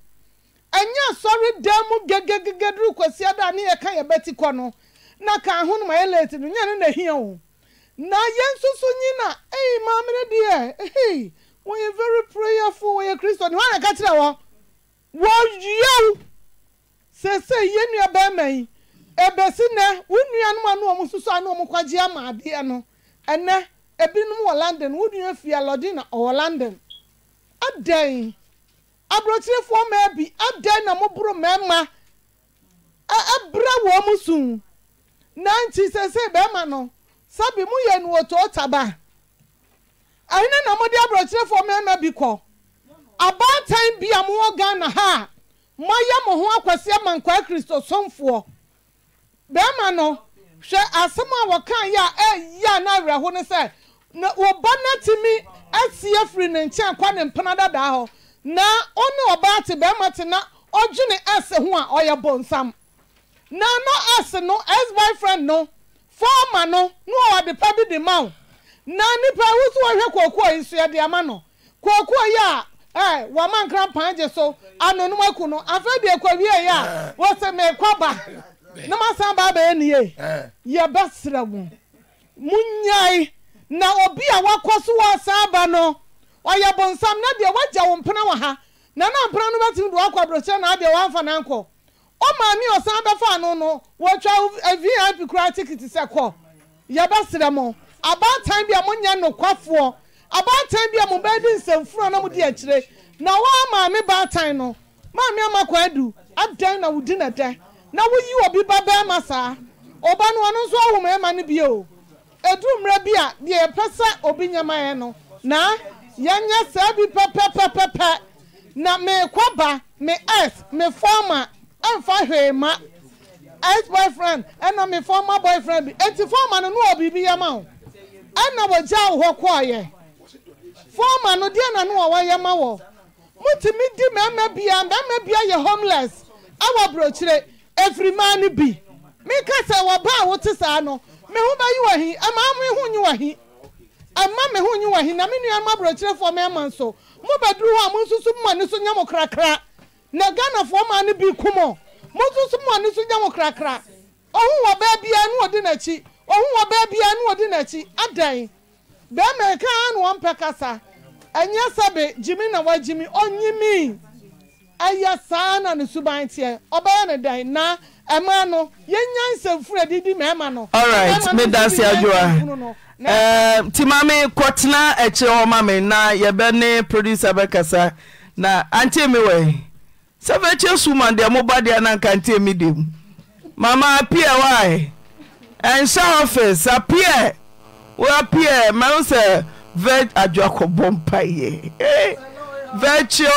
ẹ̀yẹ́ sọ́rí dẹ́mu gẹ́gẹ́gẹ́gẹ́ dúró kò sí ẹ̀dá ẹ̀ka bẹ́ẹ̀ ti kọ́ n'aka ahụ ka ahọ́ no mà yẹ lẹ́ẹ̀tì na yẹn soso yín diẹ wọ́n very prayerful wọ́n yẹ ni wọ́n nua anu soso anu ɛnɛ ebinom wɔ london wodua fi alɔdina ɔwɔ london adɛn aburokyerefoɔ mmaa bi adɛn na moboro mmarima abra wɔn mu sum nankyi sese bɛrima no sabi mu yɛ no wɔtɔ taba ɛhene na mode aburokyerefoɔ mmarima bi kɔ abaatan bi a mowɔ ghana ha a moayɛ mo ho akɔseɛ ma nkwa kristo somfoɔ bɛrima no. hwɛ asɛm a wɔkan yɛ a ɛyɛ a na awerɛho no sɛ na wɔba no tumi asi afiri ne nkyɛn kwa ne mpena dadaa hɔ na ɔne ɔbaa te bɛrima te na ɔdwene ɛse ho a ɔyɛ bonsam na no ɛse no ɛs boyfriend no fɔɔma no na ɔwɔde pa bi de ma wo na nipa ewu wɔhwɛ kookuo yi so yɛde ama no kookuo yi a ɛɛ wɔn amankran pan gye so anonum aku no afɛ deɛ kɔ wie yi a wɔsɛ ba. na masan baa bɛyɛ ne ye yɛbɛsrɛ wo monyae na obi a wakɔ so wɔ saa ba no ɔyɛ bonsam na deɛ wagya wo mpena wɔ ha na na mpena no bɛtumi de wakɔ aburokyerɛ na adeɛ wamfa nankɔ ɔmaame ɔsan bɛfa ano no wɔatwa vip eh, koraa ticket sɛ kɔ yɛbɛsrɛ mo abaatan bi a monyɛ nokwafoɔ abaatan bi a mo bɛdi nsɛmfunu na mo di akyire na wɔn maame baatan no maame amakɔ adu adan na wodi na dɛ na woyi obi ba bɛrima saa ɔba no ɔno nso ahu mmarima no bi o eduru mmerɛ bi a deɛ yɛpɛ sɛ obi nyɛma yɛ no na yɛnyɛ saa bi pɛpɛpɛpɛpɛ na mmeekɔ ba me ex me fɔma ɛnfa hwee ma ex boyfriend ɛna me fɔma boyfriend bi eti fɔma no no wɔ biribi yɛ ma o ɛna wɔgya wɔ hɔ kɔɔyɛ fɔma no deɛ na no wɔ wɔyɛ ma wɔ mutumi di mmarima bia mmarima bia yɛ homeless ɛwɔ burokyire. efirima no bi meka sɛ wɔba a wote saa no me ho bɛyi wɔ hi ama mo ho nyi wɔ hi ama me ho nyi wɔ hi na me nua no aborɔkyerɛfoɔ mɛma nso mo bɛduru hɔ a mo nso so mo ani so nyɛ mo krakra na ghanafoɔ maa no bi kum mo nso so mo ani so nyɛ mo krakra ɔho wɔ bɛɛ biara no wɔde n'akyi ɔho wɔ bɛɛ biara no wɔde n'akyi adan bɛrima ɛka ka wɔn mpɛ kasa ɛnyɛ sɛbe gyimi na wagyimi ɔnyimi. ɛyɛ saa na ne suban teɛ ɔbɛyɛ ne dan na ɛma no yɛnya nsɛmfura didi mɛma no. alright mi da se adwoa ɛɛ ti maame kɔtena ɛkyerɛ hɔ maame na yɛbɛ ne producer bɛ kasa na ante mi wɛ sɛfɛ kyɛ suma deɛ mo ba deɛ na nka ante mi dem mama pie wae ɛnhyɛ office apie wɔ apie mɛn sɛ veg adwoa kɔ bɔ mpa yɛ eh, virtual